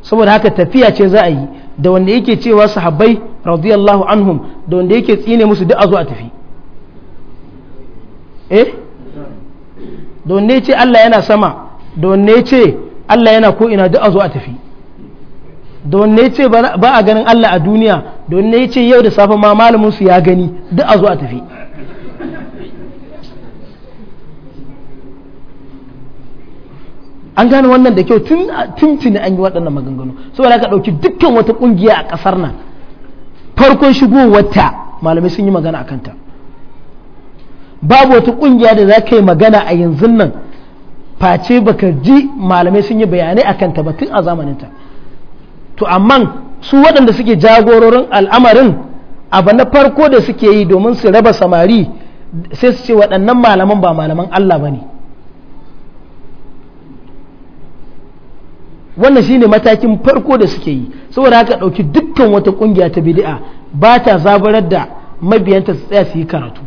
saboda haka tafiya ce za a yi da wanda yake cewa sahabbai radiyallahu anhum da wanda yake tsine musu duk a zo a tafi eh da wanda ce Allah yana sama da wanda ce Allah yana ko ina duk a zo a tafi da wanda ce ba a ganin Allah a duniya da wanda ce yau da safe ma malamin su ya gani duk a zo a tafi an gane wannan da kyau tun tuni an yi waɗannan maganganu saboda ka ɗauki dukkan wata ƙungiya a ƙasar nan farkon shigowarta malamai sun yi magana a kanta babu wata ƙungiya da za ka yi magana a yanzu nan face baka ji malamai sun yi bayanai a kanta ba tun a zamaninta to amma su waɗanda suke jagororin al'amarin abu na farko da suke yi domin su raba samari sai su ce waɗannan malaman ba malaman Allah ba ne wannan shine matakin farko da suke yi saboda haka ɗauki dukkan wata ƙungiya ta bid'a ba ta zabarar da mabiyanta su tsaya su yi karatu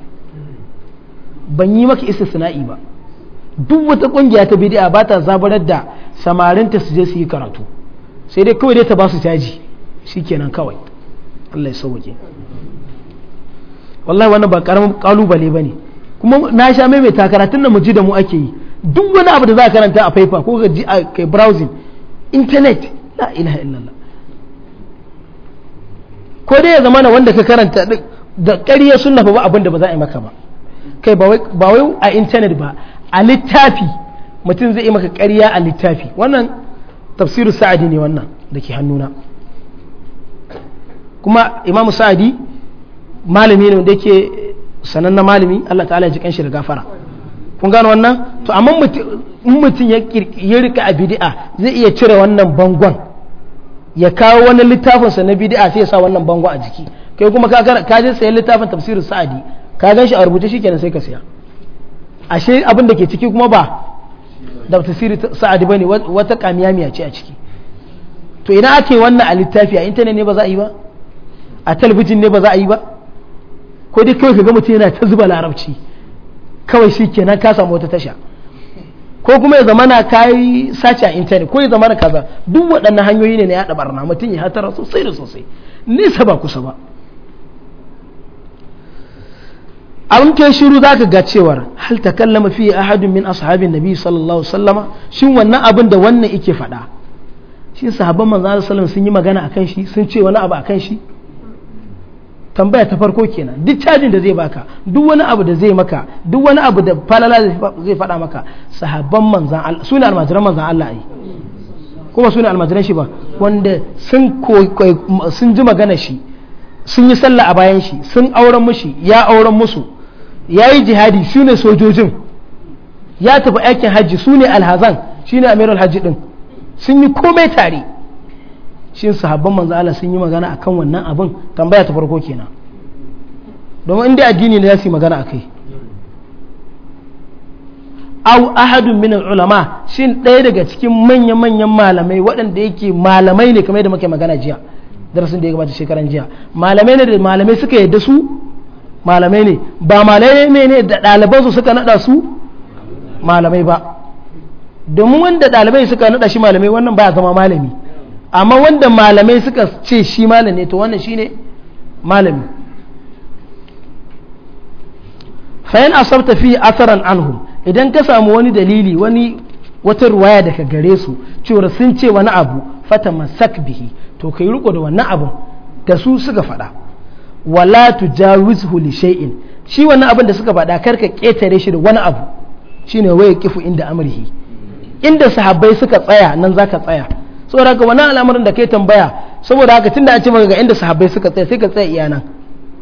ban yi maka istisna'i ba duk wata ƙungiya ta bid'a ba ta zabarar da samarinta su je su yi karatu sai dai kawai dai ta ba su caji shikenan kawai Allah ya sauke wallahi wannan ba karamin kalubale bane kuma na sha mai karatun da mu ji da mu ake yi duk wani abu da za ka karanta a paper ko ka ji a browsing intanet la ilaha illallah ko dai ya zama na wanda ka karanta da ƙarya sunna ba abin da ba za a yi maka ba kai ba wai a intanet ba a littafi mutum zai yi maka ƙarya a littafi wannan tafsiru sa'adi ne wannan da ke hannuna kuma imamu sa'adi malami ne da yake sanannen malami allah ta'ala ya ji kanshi da gafara kun gano wannan to amma mutum ya rika a bidi'a zai iya cire wannan bangon ya kawo wani littafinsa na bidi'a sai ya sa wannan bangon a jiki kai kuma ka je sayan littafin tafsirin sa'adi ka gan shi a rubuce shi kenan sai ka siya ashe abin da ke ciki kuma ba da tafsirin sa'adi bane wata kamiyamiya ce a ciki to ina ake wannan a littafi a intanet ne ba za a yi ba a talabijin ne ba za a yi ba ko dai kawai ka ga mutum yana ta zuba larabci kawai shi kenan ka samu wata tasha ko kuma ya na ka yi sace a intanet ko ya na kaza duk waɗannan hanyoyi ne na yaɗa barna mutum ya hatara sosai da sosai nesa ba kusa ba an kai shiru za ka ga cewar hal ta kallama fiye ahadun min ashabin nabi sallallahu sallama shin wannan abin da wannan ike faɗa shi sahabban manzo sallallahu sun yi magana akan shi sun ce wani abu akan shi tambaya ta farko kenan duk cajin da zai baka duk wani abu da zai maka duk wani abu da falala zai faɗa maka sahabban manzan Allah su almajiran manzan Allah ai kuma su almajiran shi ba wanda sun sun ji magana shi sun yi sallah a bayan shi sun auren mushi ya auren musu ya yi jihadi su ne sojojin ya tafi aikin hajji su ne alhazan shi ne amirul hajji din sun yi komai tare shin sahabban manzo Allah sun yi magana akan wannan abin tambaya ta farko kenan domin inda addini ne ya su magana akai au ahadun min ulama shin ɗaya daga cikin manya-manyan malamai waɗanda yake malamai ne kamar yadda muke magana jiya darasin da ya gabata shekaran jiya malamai ne da malamai suka yadda su malamai ne ba malamai ne da ɗalibansu suka naɗa su malamai ba domin wanda ɗalibai suka naɗa shi malamai wannan ba zama malami amma wanda malamai suka ce shi malami to wannan shi ne malami fayan asabta fi asaran anhum idan ka samu wani dalili wani wata ruwaya daga gare su cewar sun ce wani abu fata masak bihi to kai riko da wannan da su suka faɗa wala tujawizhu li shay'in shi wannan abin da suka faɗa karka ketare shi da wani abu shine waye kifu inda amrihi inda sahabbai suka tsaya nan zaka tsaya saboda ka wannan al'amarin da kai tambaya saboda haka tunda an ce maka ga inda sahabbai suka tsaya sai ka tsaya iya nan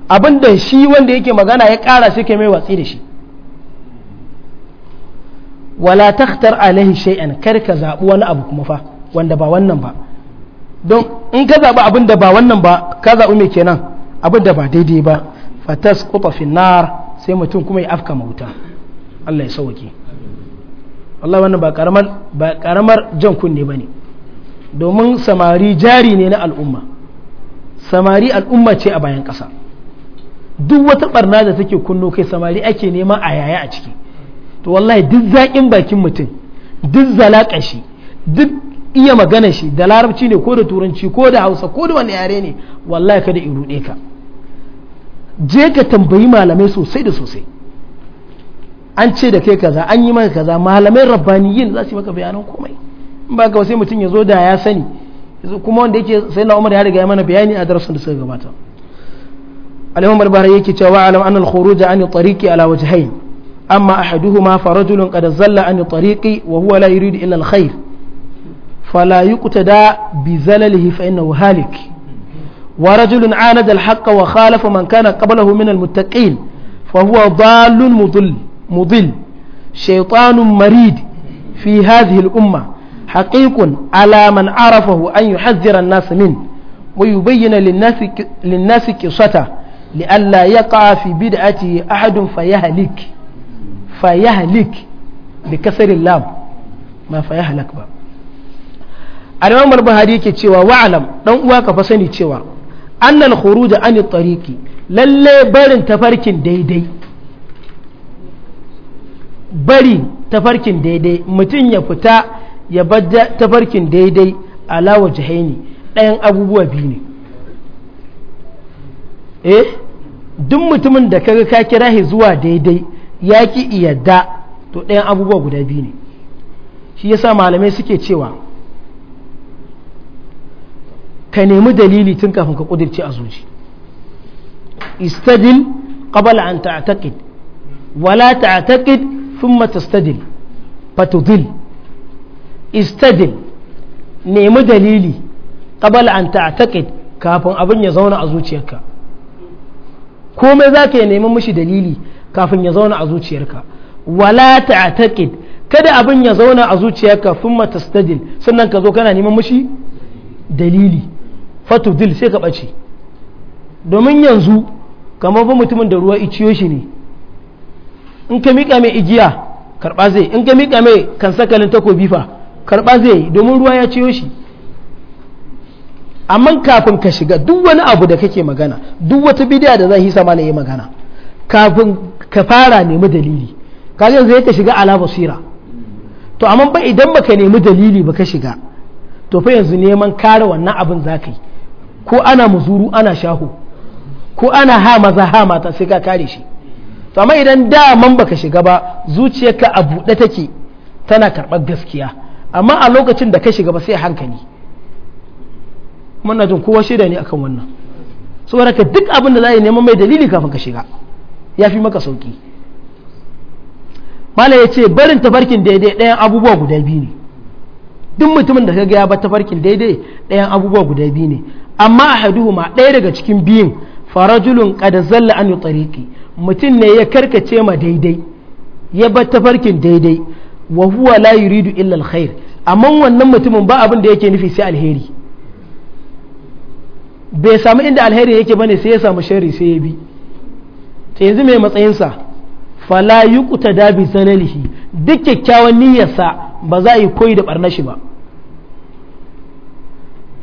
abin da shi wanda yake magana ya kara sai ka mai watsi da shi wala takhtar alaihi shay'an kar ka zabi wani abu kuma fa wanda ba wannan ba don in ka zabi abin da ba wannan ba ka zabi me kenan abin da ba daidai ba fatas kuta finnar sai mutum kuma ya afka mauta Allah ya sauke Allah wannan ba karamar ba karamar jan kunne bane domin samari jari ne na al'umma samari al'umma ce a bayan ƙasa duk wata ɓarna da take kunno kai samari ake nema a yaya a ciki to wallahi duk zaƙin bakin mutum duk zalaƙa shi duk iya magana shi da larabci ne ko da turanci ko da hausa ko da wani yare ne wallahi kada in ruɗe ka je ka tambayi malamai sosai da sosai an ce da kai kaza an yi maka kaza malamai rabbaniyin za su yi maka bayanan komai ba ka sai mutum ya zo da ya sani kuma wanda yake sai na umar ya riga ya mana bayani a darasin da suka gabata alimun barbara yake cewa wa an alkhuru da an ɗariki ala wace amma ahaduhuma fa rajulun kada zalla an yi tariki wa huwa la yuridu illa alkhair fala da bi zalalihi fa inna halik wa rajulun anada alhaqqa wa khalafa man kana qablahu min almuttaqin fa huwa dhalun mudill mudill shaytanun marid fi hadhihi al-ummah haqiqun alaman man arafahu an yuhazzira an-nas min wa yubayyana lin-nas qisata li'alla yaqa fi bid'ati ahadun fayahlik fayahlik bi kasri lam ma fayahlak ba al-imam al-buhari yake cewa wa'lam dan uwa ka fa sani cewa annal khuruj an at-tariqi lalle barin tafarkin daidai bari tafarkin daidai mutum ya fita ya bar tafarkin daidai ala jihaini ɗayan abubuwa biyu ne eh duk mutumin da kaga ka kira shi zuwa daidai ya ki iyadda to ɗayan abubuwa guda biyu ne shi yasa malamai suke cewa ka nemi dalili tun kafin ka kudirce a zuci istadil qabla an ta'taqid wala ta'taqid thumma tastadil fatudil istadin nemi dalili ƙabal an ta'taqid kafin abin ya zauna a zuciyarka komai za ka neman mishi dalili kafin ya zauna a zuciyarka wala ta'taqid kada abin ya zauna a zuciyarka mata tastadil sannan ka zo kana neman mishi dalili fatudil sai ka ɓace domin yanzu kamar fi mutumin da ruwa iciyo shi ne in ka miƙa mai igiya karɓa zai in ka miƙa mai kan sakalin takobi fa karba zai yi domin ruwa ya ciyo shi amma kafin ka shiga duk wani abu da kake magana duk wata bidiya da zai sama na yi magana kafin ka fara nemi dalili ka yanzu ka shiga ala basira to amma ba idan baka nemi dalili ba ka shiga to fa yanzu neman kare wannan abin za ka yi ko ana muzuru ana shahu ko ana ha maza ha mata sai ka kare shi to amma idan daman baka shiga ba zuciyarka a buɗe take tana karɓar gaskiya amma a lokacin da ka shiga ba sai hankali muna jin kowa shaida ne akan wannan saboda ka duk abin da za a yi neman mai dalili kafin ka shiga ya fi maka sauki mala ya ce barin tafarkin daidai ɗayan abubuwa guda biyu ne duk mutumin da ka ga ya bar tafarkin daidai ɗayan abubuwa guda biyu ne amma a ma ɗaya daga cikin biyun farajulun kada zalla an tsariki mutum ne ya karkace ma daidai ya bar tafarkin daidai wa huwa la yuridu illa alkhair amma wannan mutumin ba abin da yake nufi sai alheri bai samu inda alheri yake bane sai ya samu sharri sai ya bi ta yanzu mai matsayinsa fala yuqta da bi zanalihi duk kyakkyawan niyyarsa ba za a yi koyi da barnashi ba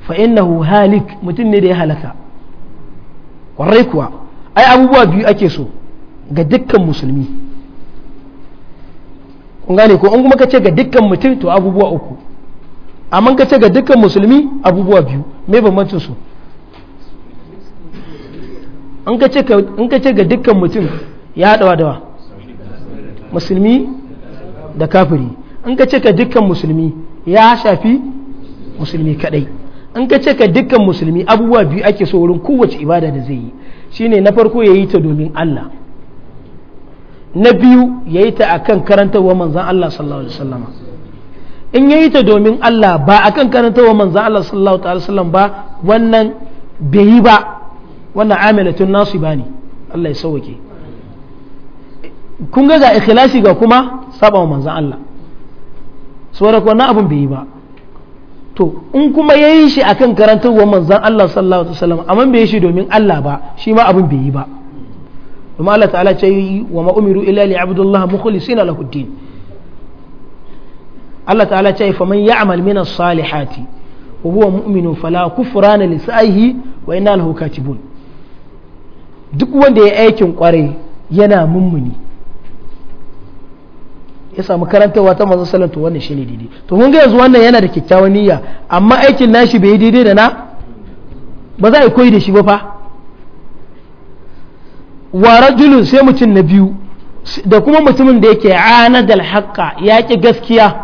fa innahu halik mutum ne da ya halaka kwarai kuwa ai abubuwa biyu ake so ga dukkan musulmi kun gane ko an kuma ka ce ga dukkan mutum to abubuwa uku amma ka ce ga dukkan musulmi abubuwa biyu me bambancin su in ka ce ga dukkan mutum ya dawa dawa musulmi da kafiri in ka ce ka dukkan musulmi ya shafi musulmi kadai in ka ce ka dukkan musulmi abubuwa biyu ake so wurin kowace ibada da zai yi shine na farko ya yi ta domin Allah na biyu ya yi ta a kan karantarwa manzan Allah sallallahu alaihi wasallama in ya yi ta domin Allah ba a kan karantarwa manzan Allah sallallahu alaihi wasallam ba wannan bai yi ba wannan amilatun nasu ba ne Allah ya sauke kun ga ga ikhlasi ga kuma saba wa manzan Allah saboda wannan abin bai yi ba to in kuma ya yi shi a akan karantarwa manzan Allah sallallahu alaihi wasallam amma bai yi shi domin Allah ba shi ma abin bai yi ba domin Allah ta'ala ce yi wa ma'umiru illa li abdullahi mukhlisina lahu Allah ta'ala ce fa man ya'mal min as-salihati wa huwa mu'minun fala kufrana li sa'ihi wa inna lahu katibun duk wanda ya aikin kwarai yana mummuni ya samu karantarwa ta manzon sallallahu alaihi wannan shine daidai to kun ga yanzu wannan yana da kyakkyawan niyya amma aikin nashi bai daidai da na ba za a koyi da shi ba fa wa rajulun sai mutum na biyu da kuma mutumin da yake anadal haqqa ya ki gaskiya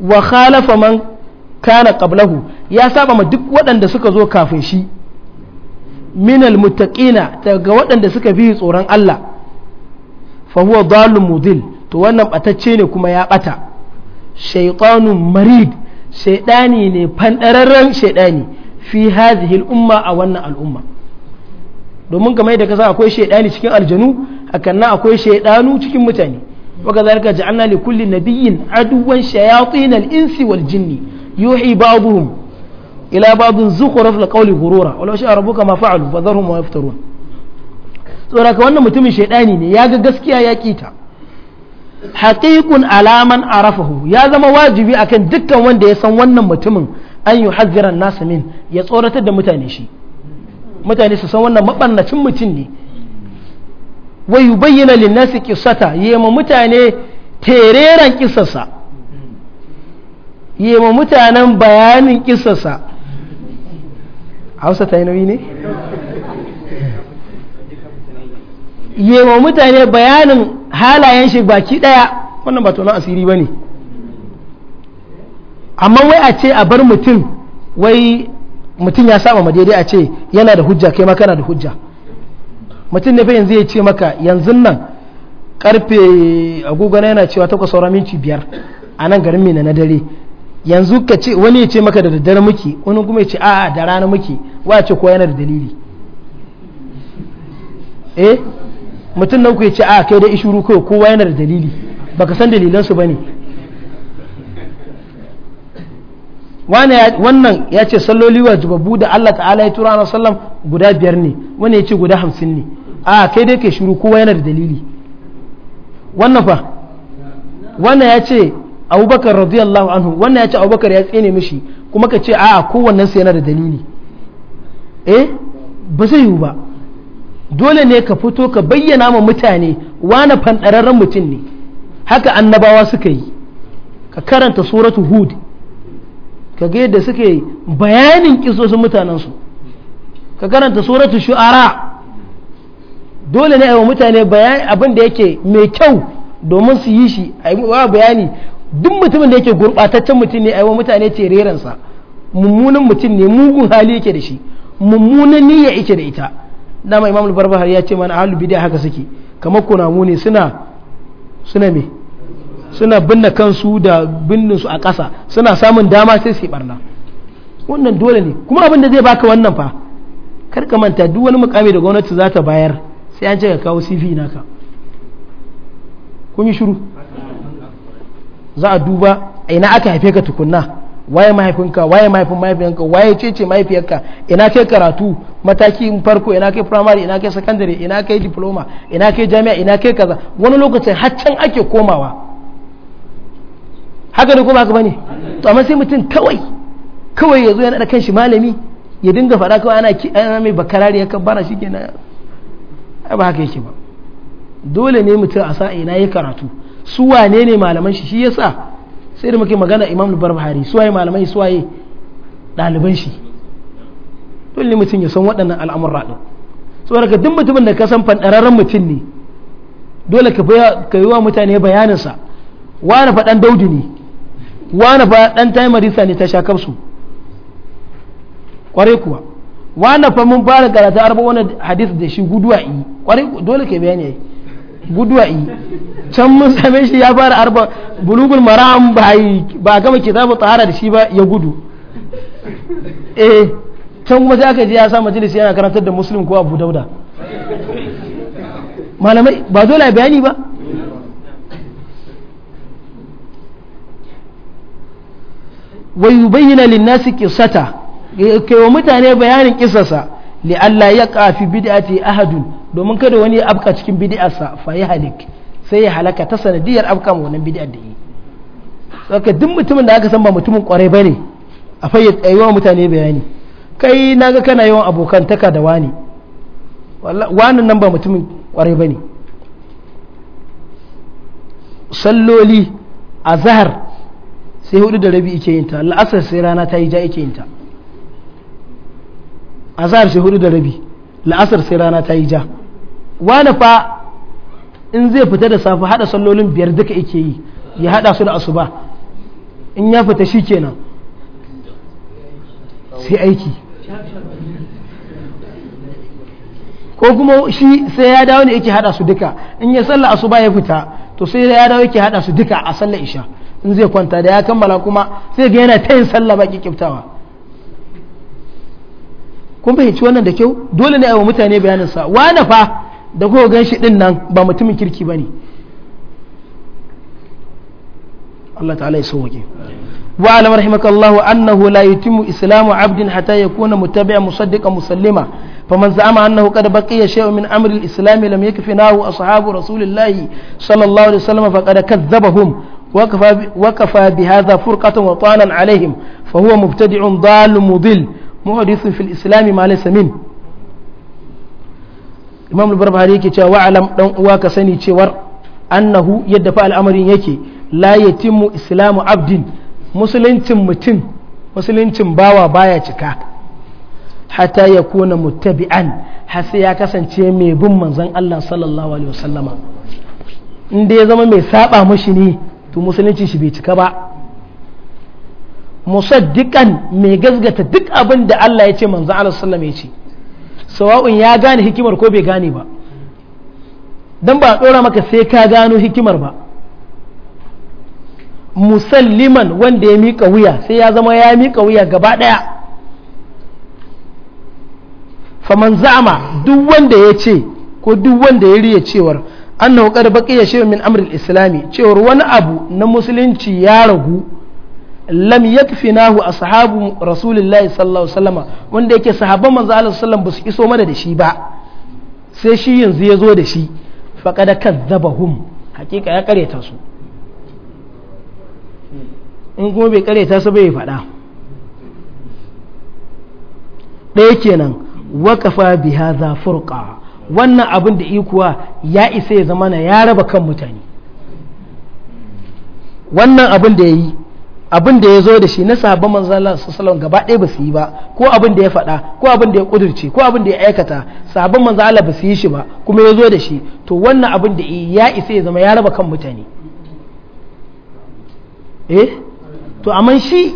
wa khalafa man kana qablahu ya saba ma duk waɗanda suka zo kafin shi minal muttaqina daga waɗanda suka bi tsoron Allah fa huwa dalun mudil to wannan batacce ne kuma ya bata shaytanun marid shaydani ne fandararren shaydani fi hadhihi al-umma a wannan al'umma domin kamar yadda kasa akwai shaidani cikin aljanu hakan nan akwai shaidanu cikin mutane waka zalika ja'alna li kulli nabiyyin aduwan shayatin al-insi wal jinni yuhi ba'dhum ila ba'dhin zukhruf la qawli ghurura walau sha'a rabbuka ma fa'alu fadharhum wa yaftarun saboda ka wannan mutumin shaidani ne ya ga gaskiya ya kita haqiqun alaman arafahu ya zama wajibi akan dukkan wanda ya san wannan mutumin an yuhazziran nasamin ya tsoratar da mutane shi mutane su san wannan mabannacin mutum ne wai yi yubayyana linnasi yi ma mutane tereren Yi ma mutanen bayanin kissarsa Hausa ta yi nauyi ne Yi ma mutane bayanin halayen shi baki daya wannan ba tonon asiri ba ne. amma wai a ce a bar mutum wai mutum ya saba ma daidai a ce yana da hujja kai ma kana da hujja mutum ne fa yanzu ya ce maka yanzu nan karfe agogo na yana cewa takwas saura minti biyar a nan garin mai na dare yanzu ka ce wani ya ce maka da daddare muke wani kuma ya ce a'a da rana muke wa ce ko yana da dalili eh mutum nan ku ya ce a'a kai da ishuru kai kowa yana da dalili baka san dalilan su ne. wannan ya ce salloli wajibabu da Allah ta'ala ya tura sallam guda biyar ne wani ya ce guda hamsin ne a kai dai kai shuru kowa yana da dalili wannan fa wannan ya ce abubakar radiyallahu anhu wannan ya ce abubakar ya tsene mishi kuma ka ce a'a kowannen sai yana da dalili eh ba zai yiwu ba dole ne ka fito ka bayyana ma mutane wani fanɗararren mutum ne haka annabawa suka yi ka karanta suratu hud ka ga yadda suke bayanin kisosin mutanensu ka karanta suratu shu'ara dole ne a yi mutane bayani abin da yake mai kyau domin su yi shi a yi bayani duk mutumin da yake gurɓataccen mutum ne a yi wa mutane tereransa mummunan mutum ne mugun hali yake da shi mummunan niyya yake da ita dama imam al-barbahar ya ce mana ahlul bid'a haka suke kamar kunamune ne suna suna me suna binne kansu da binne su a ƙasa suna samun dama sai su barna wannan dole ne kuma abin da zai baka wannan fa kar ka manta duk wani mukami da gwamnati za ta bayar sai an ce ka kawo CV naka kun yi shiru za a duba ina aka haife ka tukunna waye mahaifinka waye mahaifin mahaifinka waye cece mahaifiyarka ina kai karatu mataki farko ina kai primary ina kai secondary ina kai diploma ina kai jami'a ina kai kaza wani lokacin haccan ake komawa haka ne kuma haka bane to amma sai mutum kawai kawai ya zo yana da kanshi malami ya dinga faɗa kawai ana ana mai bakarari ya kabbara shi kenan ba haka yake ba dole ne mutum a sa'i na yi karatu su wane ne malaman shi shi yasa sai da muke magana imam barbahari waye malamai waye ɗaliban shi dole mutum ya san waɗannan al'amurra ɗin saboda duk mutumin da ka san fanɗararren mutum ne dole ka yi wa mutane bayaninsa wani faɗan daudu ne wani fa dan tayi marisa ne ta sha kafsu kwarai kuwa wani fa mun fara karatu arba wani hadis da shi guduwa yi kwarai dole ke bayani yayi guduwa yi can mun same shi ya fara arba bulugul maram ba ba gama kitabu tsara da shi ba ya gudu eh can kuma sai aka ji ya sa majalisi yana karantar da muslim ko abu dauda malamai ba dole bayani ba wa yubayyana lin-nasi qissata kai wa mutane bayanin qissasa li alla yaqa fi bid'ati ahadun domin kada wani ya afka cikin bid'arsa fa ya halik sai ya halaka ta sanadiyar afka ma wannan bid'ar da yi saka duk mutumin da aka san ba mutumin kwarai bane a fayyata wa mutane bayani kai naga kana yawan abokan taka da wani wannan nan ba mutumin kwarai bane salloli a zahar sai hudu da rabi ike yinta la'asar sai rana ta yi ja ike yinta azhar sai hudu da rabi la'asar sai rana ta yi ja wani fa in zai fita da safe hada sallolin biyar duka ike yi ya hada su da asuba in ya fita shi kenan sai aiki ko kuma shi sai ya dawo ne yake hada su duka in ya salla asuba ya fita to sai ya dawo yake hada su duka a sallar isha in zai kwanta da ya kammala kuma sai ga yana ta yin sallah baki kiftawa kun fahimci wannan da kyau dole ne a wa mutane bayanin sa wani fa da kuma gan shi din nan ba mutumin kirki ne. Allah ta'ala ya sauke wa alam rahimakallahu annahu la yutimmu islamu abdin hatta yakuna muttabi'an musaddiqan musallima فمن زعم أنه قد بقي شيء من أمر الإسلام لم يكفناه أصحاب رسول الله صلى الله عليه وسلم فقد كذبهم وكفى بهذا فرقة وطانا عليهم فهو مبتدع ضال مضل محدث في الإسلام ما ليس منه imam al-barbahari yake cewa wa'alam dan uwa ka sani cewar annahu yadda fa al'amarin yake la yatimmu islamu abdin musuluncin mutum musuluncin bawa baya cika hata ya kona muttabi'an har sai ya kasance mai bin manzon Allah sallallahu alaihi wasallama in ya zama mai saɓa mashi ne to musulunci shi bai cika ba musaddiqan mai gazgata duk abin da Allah ya ce manzo Allah sallallahu ya ce sawa'un ya gane hikimar ko bai gane ba dan ba dora maka sai ka gano hikimar ba musalliman wanda ya mika wuya sai ya zama ya mika wuya gaba daya faman za'ama duk wanda ya ce ko duk wanda ya riya cewar annahu qad baqiya shay'un min amri al-islami cewar wani abu na musulunci ya ragu lam yakfinahu ashabu rasulillahi sallallahu alaihi wasallam wanda yake sahabban manzo Allah sallallahu alaihi iso mana da shi ba sai shi yanzu ya zo da shi faqad kazzabahum hakika ya kareta su in kuma bai kareta su bai faɗa ɗaya kenan wakafa bi za furqa wannan abin da ikuwa ya isa ya zama na ya raba kan mutane wannan abin da ya yi abin da ya zo da shi na sabon manzo Allah gaba ɗaya ba su yi ba ko abin da ya faɗa ko abin da ya kudurce ko abin da ya aikata sabon manzo ba su yi shi ba kuma ya zo da shi to wannan abin da ya isa ya zama ya raba kan mutane eh to amma shi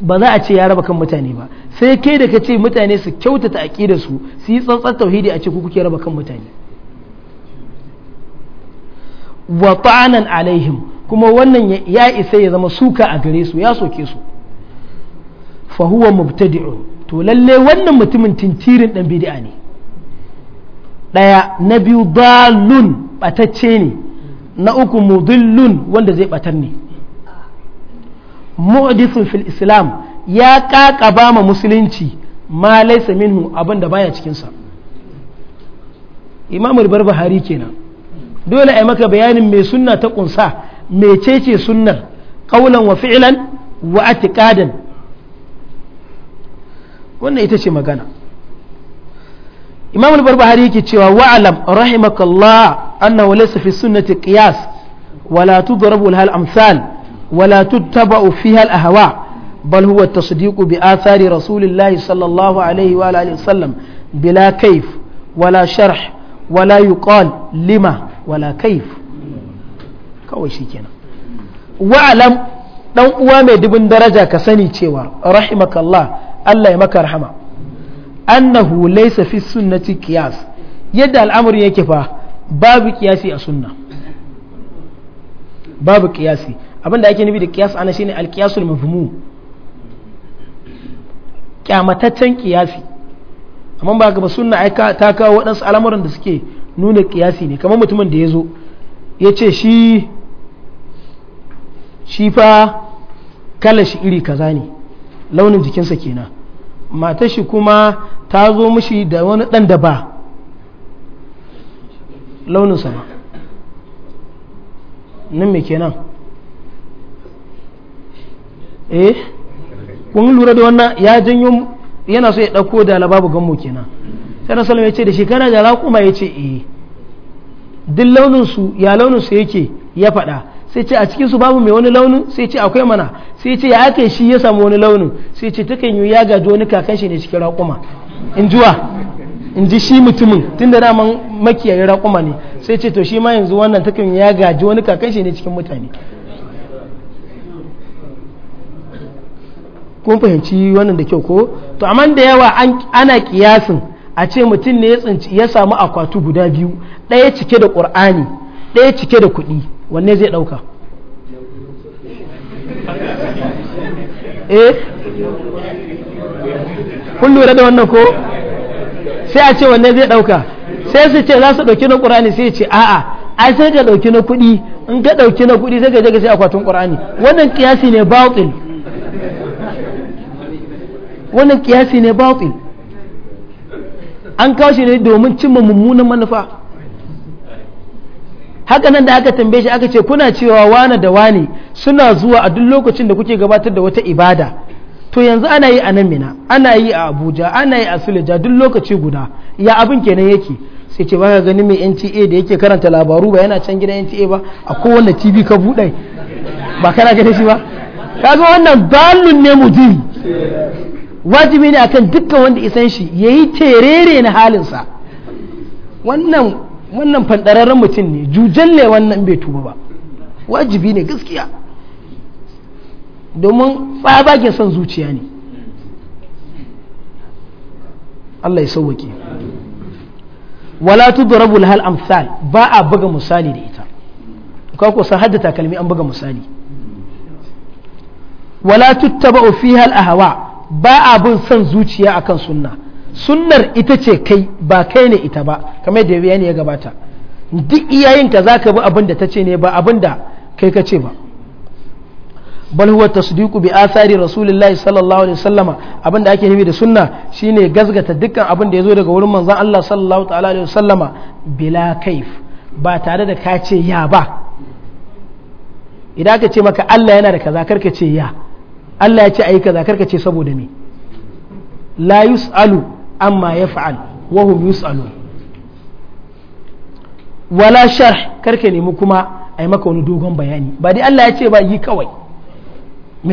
ba za a ce ya raba kan mutane ba sai kai da kace mutane su kyautata aqida su su yi tsantsar tauhidi a ce ku kuke raba kan mutane wa ta'anan alaihim kuma wannan ya isa ya zama suka a gare su ya soke su fa huwa mubtadi'un to lalle wannan mutumin tintirin dan bid'a ne daya na biyu dalun batacce ne na uku mudillun wanda zai batar ne mu'dithun fil islam ya kakaba ma musulunci ma laisa minhu abin da baya cikinsa imamul Buhari kenan dole a maka bayanin mai sunna ta kunsa mecece sunnar kaulan wa fi'lan wa atiqadan wannan ita ce magana imamul Buhari yake cewa wa'alam rahimakallah wale laysa fi sunnati kiyas wala tudrabu hal amsal wala tuttaba fiha hal ahwa' بل هو التصديق بآثار رسول الله صلى الله عليه وآله وسلم بلا كيف ولا شرح ولا يقال لما ولا كيف uwa mai dubin daraja ka sani cewa rahimakallah Allah ya maka rahama annahu laysa fi sunnati qiyas yadda al'amari yake fa babu abin a babu abinda ake nufi da ana shine al-qiyasul kyamataccen kiyasi amma ba ga sunna ai ta kawo waɗansu al'amuran da suke nuna kiyasi ne kamar mutumin da ya zo ya ce shi shi fa kala shi iri kaza ne launin jikinsa kenan matar shi kuma ta zo mishi da wani ɗan da ba launinsa ba nan me kenan eh kun lura da wannan ya janyo yana so ya ɗauko da babu gammo kenan sai na salama ya ce da shekara kana da raƙuma ya ce eh duk launin su ya launin su yake ya faɗa sai ce a cikin su babu mai wani launin sai ce akwai mana sai ce ya aka shi ya samu wani launin sai ce kan yi ya gaji wani kakan shi ne cikin raƙuma in jiwa in ji shi mutumin tunda da man raƙuma ne sai ce to shi ma yanzu wannan takan ya gaji wani kakan shi ne cikin mutane kun fahimci wannan da kyau ko to amma da yawa ana kiyasin a ce mutum ne ya samu akwatu guda biyu ɗaya cike da ƙur'ani ɗaya cike da kuɗi wanne zai ɗauka eh kun lura da wannan ko sai a ce wanne zai ɗauka sai su ce za su ɗauki na ƙur'ani sai ce a'a ai sai ka ɗauki na kuɗi in ka ɗauki na kuɗi sai ka je ka sai akwatin ƙur'ani wannan kiyasi ne bautil wannan kiyasi ne batil an kawo shi ne domin cimma mummunan manufa haka nan da aka tambaye shi aka ce kuna cewa wane da wane suna zuwa a duk lokacin da kuke gabatar da wata ibada to yanzu ana yi a nan mina ana yi a abuja ana yi a suleja duk lokaci guda ya abin kenan yake sai ce baka gani mai nta da yake karanta labaru ba yana can gidan nta ba a kowane tv ka buɗe ba kana gani shi ba kaga wannan balun ne ji. wajibi ne akan dukkan wanda isan shi yi terere na halinsa wannan wannan fandararren mutum ne ne wannan bai tuba ba wajibi ne gaskiya domin tsabagen son zuciya ne Allah ya sauwake wala tudrabu lahal amsal ba a buga misali da ita ka ko san haddata kalmi an buga misali wala tuttaba'u fiha al ahwa ba abin son zuciya akan sunna sunnar ita ce kai ba kai ne ita ba kamar da bayani ya gabata duk iyayen ka zaka bi abin da ta ce ne ba abin da kai ka ce ba bal huwa tasdiqu bi athari rasulillahi sallallahu alaihi wasallama abin da ake nufi da sunna shine gazgata dukkan abin da yazo daga wurin manzon Allah sallallahu ta'ala alaihi wasallama bila kaif ba tare da ka ce ya ba idan ka ce maka Allah yana da kaza karka ce ya Allah ya ce a yi kaza karka ce saboda me la yus'alu amma yaf'al wa hum yus'alu wala sharh karka nemi kuma ai maka wani dogon bayani ba dai Allah ya ce ba yi kawai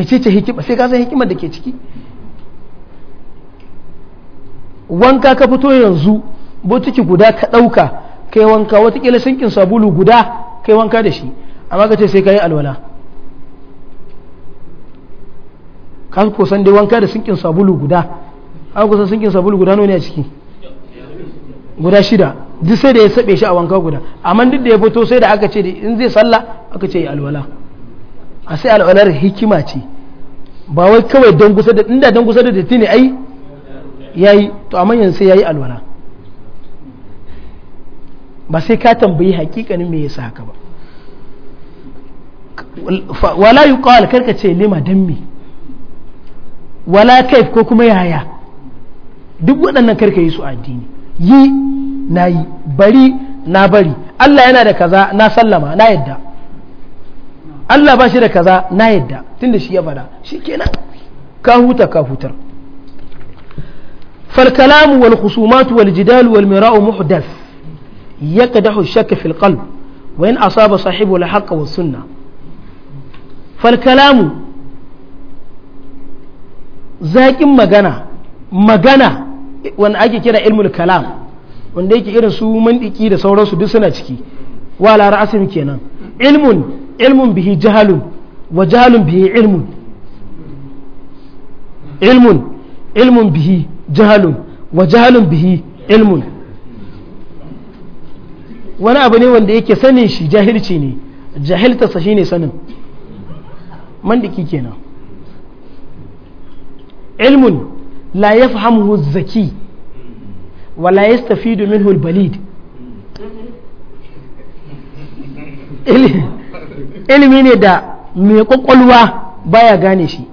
ce hikima sai ka san hikimar da ke ciki wanka ka fito yanzu botiki guda ka ɗauka kai wanka watakila sinkin sabulu guda kai wanka da shi amma ka ce sai ka yi alwala ka ku san dai wanka da sinkin sabulu guda an kusan sinkin sabulu guda ne a ciki guda shida duk sai da ya saɓe shi a wanka guda amma duk da ya fito sai da aka ce in zai sallah aka ce alwala a sai alwalar hikima ce ba wai kawai don gusa da inda don gusa da datti ne ai yayi to amma yanzu sai yayi alwala ba sai ka tambayi hakikanin me yasa haka ba wala yuqal karka ce lima dan me wala kaif ko kuma yaya duk waɗannan karka yi su addini yi na yi bari na bari Allah yana da kaza na sallama na yadda Allah ba shi da kaza na yadda tunda shi ya bada shi kenan ka huta ka hutar falkalamu فالكلام والخصومات والجدال والمراء محدث يقدح الشك في القلب وإن أصاب صاحبه wa والسنة falkalamu. zaƙin magana magana wanda ake kira ilmul kalam wanda yake irin su mandiki da sauransu duk suna ciki wala ra'asim kenan ilmun ilmun bihi jahalun wa jahalun bihi ilmun ilmun ilmun bihi jahalun wa jahalun bihi ilmun wani abu ne wanda yake sanin shi jahilci ne sa shine sanin mandiki kenan ilmun la yafhamuhu zaki wa la yastafidu minhu balid ilimi ne da mai kwakwalwa baya gane shi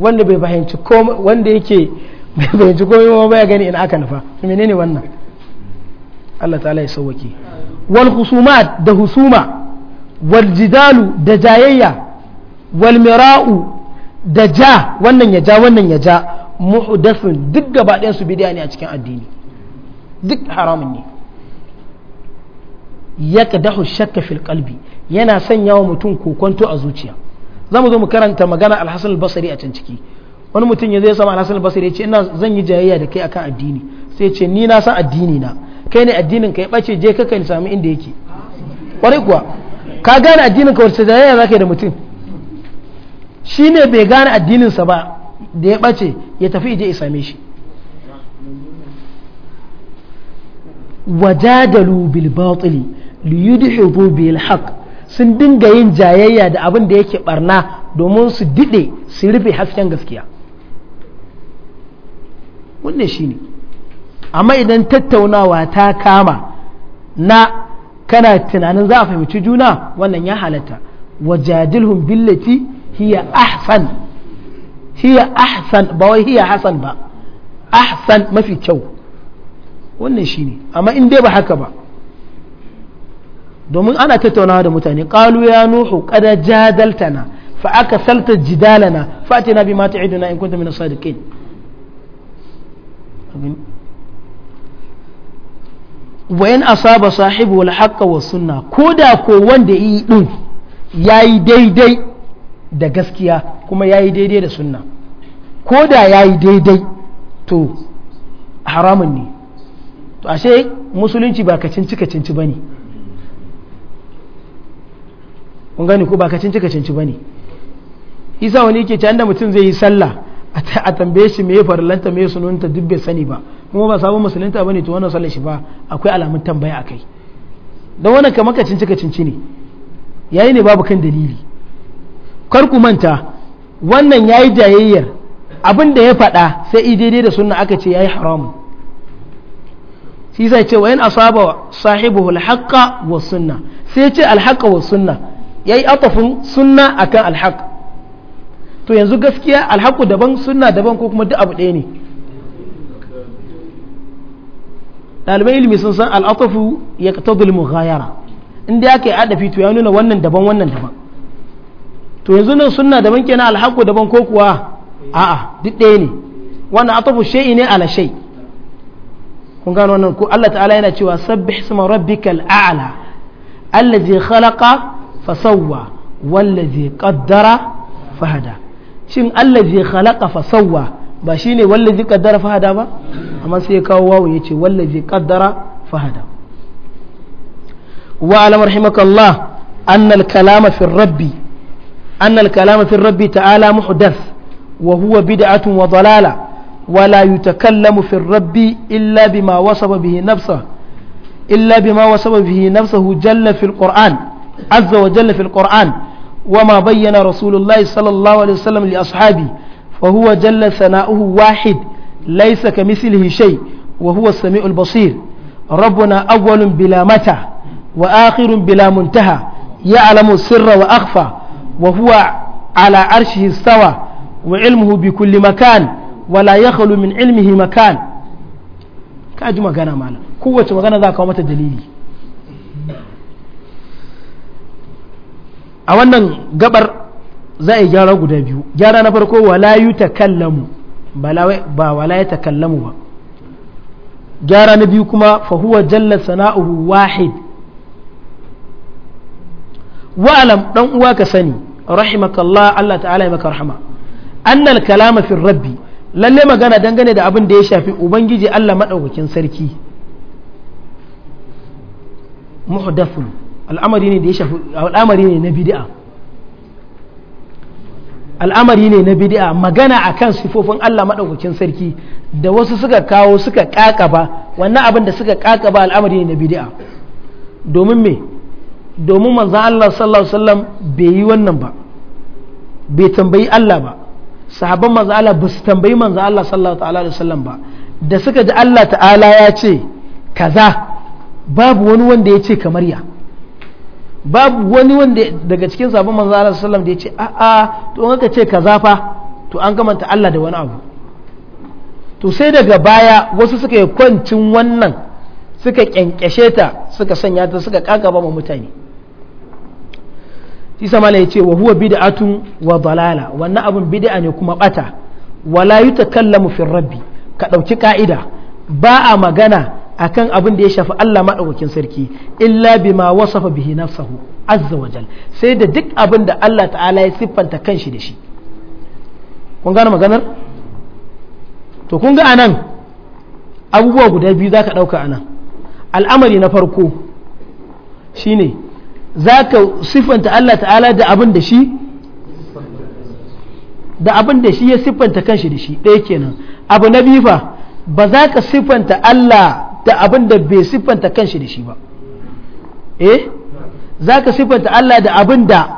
wanda bai fahimci komai wanda yake bai fahimci komai ba baya gani in aka nufa to menene wannan Allah ta'ala ya sauwake wal husumat da husuma wal jidalu da jayayya wal mira'u da ja wannan ya ja wannan ya ja muhdathun duk gaba ɗayan su bid'a ne a cikin addini duk haramun ne yakdahu shakka fil qalbi yana sanya wa mutum kokonto a zuciya zamu zo mu karanta magana al-Hasan a can ciki wani mutum ya zai sama al-Hasan ya ce ina zan yi jayayya da kai akan addini sai ya ce ni na san addini na kai ne addinin ka ya bace je ka kai sami inda yake kwarai kuwa ka gane addinin ka wace jayayya zaka yi da mutum shi ne bai gane addininsa ba da ya ɓace ya tafi ije ya same shi wajadalu bil batili li bil haqq sun dinga yin jayayya da abin da yake barna domin su dide su rufe hasken gaskiya wannan shine amma idan tattaunawa ta kama na kana tunanin za a fahimci juna wannan ya halatta wajadilhum billati hiya ahsan hiya ahsan ba wai hiya hasan ba ahsan mafi kyau wannan shi ne amma in dai ba haka ba domin ana tattaunawa da mutane qalu ya nuhu qad jadaltana fa aka salta jidalana fatina bima ta'iduna in kunta min as-sadiqin wa in asaba sahibu wal haqqa was sunna koda ko wanda yi din yayi daidai da gaskiya kuma ya yi daidai da sunna ko da ya yi daidai to haramun ne to ashe musulunci ba kacin cika cinci ba ne kun gani ko ba kacin cika cinci ba ne isa wani yake can da mutum zai yi sallah a tambaye shi mai farlanta mai sununta duk bai sani ba kuma ba sabon musulunta ne to wannan sallar shi ba akwai alamun tambaya a kai don wannan kamar kacin cika cinci ne yayi ne babu kan dalili kar ku manta wannan ya yi jayayyar abin da ya fada sai i daidai da suna aka ce ya yi haramun shi sai ce wa yin asaba sahibu alhaqa wa sunna sai ce alhaqa wa sunna ya yi atafin sunna akan alhaq to yanzu gaskiya alhaqu daban sunna daban ko kuma duk abu ɗaya ne ɗalibai ilimi sun san al'atafu ya katadul mughayara inda ya ake adafi to ya nuna wannan daban wannan daban to yanzu nan suna daban kenan alhaku daban ko kuwa a'a duk ɗaya ne wannan atafu shay'i ne ala shay kun gano wannan ko Allah ta'ala yana cewa sabbih isma rabbikal a'la allazi khalaqa fasawwa wallazi qaddara fahada shin allazi khalaqa fasawwa ba shine wallazi qaddara fahada ba amma sai ya kawo wawo yace wallazi qaddara fahada wa alam rahimakallah anna al kalama fi rabbi أن الكلام في الرب تعالى محدث وهو بدعة وضلالة ولا يتكلم في الرب إلا بما وصف به نفسه إلا بما وصف به نفسه جل في القرآن عز وجل في القرآن وما بين رسول الله صلى الله عليه وسلم لأصحابه فهو جل ثناؤه واحد ليس كمثله شيء وهو السميع البصير ربنا أول بلا متى وآخر بلا منتهى يعلم السر وأخفى وهو على عرشه استوى وعلمه بكل مكان ولا يخلو من علمه مكان كاجي مغانا مالا قوة مغانا ذاك ومتى دليلي a wannan gabar za a yi gyara guda biyu gyara na farko wala yu takallamu ba wala ya takallamu ba gyara na biyu kuma fahuwa jalla sana'uhu wahid wa'alam dan uwa ka sani rahimakallah Allah ta'ala ya maka rahama annal kalama fi rabbi lalle magana dangane da abin da ya shafi ubangiji Allah madaukakin sarki muhdathun al'amari ne da ya shafi al'amari ne na bid'a al'amari ne na bid'a magana akan sifofin Allah madaukakin sarki da wasu suka kawo suka kakaba wannan abin da suka kakaba al'amari ne na bid'a domin me domin manzan Allah sallallahu Alaihi wasallam bai yi wannan ba bai tambayi Allah ba sahabban manzo Allah ba su tambayi manzo Allah sallallahu ta'ala alaihi wasallam ba da suka ji Allah ta'ala ya ce kaza babu wani wanda ya ce kamar ya babu wani wanda daga cikin sahabban manzo Allah sallallahu da ya ce a'a to in ka ce kaza fa to an kamanta Allah da wani abu to sai daga baya wasu suka yi kwancin wannan suka kyankyashe ta suka sanya ta suka kakaba ma mutane shi sama ya ce wa huwa bid'atun wa dalala wannan abun bid'a ne kuma bata wala yutakallamu fi rabbi ka dauki ka'ida ba a magana akan abin da ya shafi Allah madaukakin sarki illa bima wasafa bihi nafsahu azza wajal sai da duk abin da Allah ta'ala ya siffanta kanshi da shi kun gane maganar to kun ga anan abubuwa guda biyu zaka dauka anan al'amari na farko shine za ka siffanta Allah ta'ala da abin da shi da abin da shi ya siffanta kanshi da shi ɗaya kenan abu na biyu fa ba za ka siffanta Allah da abin da bai siffanta kanshi da shi ba eh za ka siffanta Allah da abin da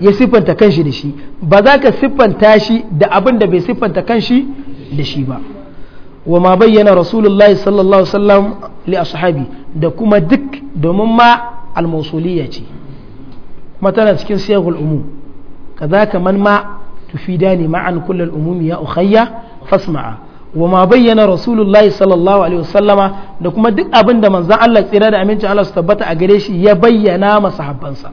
ya siffanta kanshi da shi ba za ka siffanta shi da abin da bai siffanta kanshi da shi ba wa ma bayyana rasulullahi sallallahu alaihi wasallam li ashabi da kuma duk domin ma al-mausuliyya ce kuma tana cikin siyahul umum kazaka man ma tufidani ma'an kullal umumi ya ukhayya fasma'a wa ma bayyana rasulullahi sallallahu alaihi wasallama da kuma duk abin da manzon Allah tsira da amincin Allah su tabbata a gare shi ya bayyana masahabbansa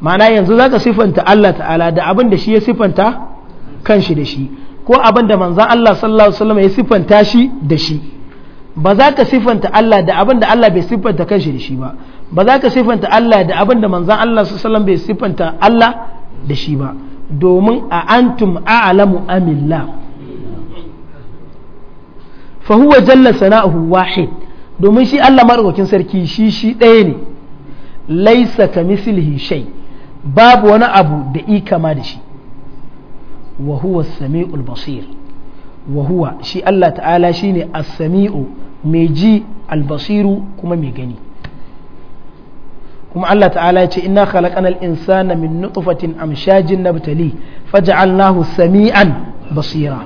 ma'ana yanzu zaka sifanta Allah ta'ala da abin da shi ya sifanta kanshi da shi ko abin da manzon Allah sallallahu alaihi wasallama ya sifanta shi da shi ba za ka siffanta Allah da abin da Allah bai siffanta kanshi da shi ba ba za ka siffanta Allah da abin da manzan Allah su salam bai siffanta Allah da shi ba domin a antum a'lamu amilla fa huwa jalla sana'uhu wahid domin shi Allah madaukakin sarki shi shi ɗaya ne laisa ka mislihi shay babu wani abu da i kama da shi wa huwa samiul basir wa huwa shi Allah ta'ala shine as-sami'u mai ji al-basiru kuma mai gani kuma Allah ta'ala ya ce inna khalaqanal insana min nutfatin amshajin nabtali faj'alnahu sami'an basira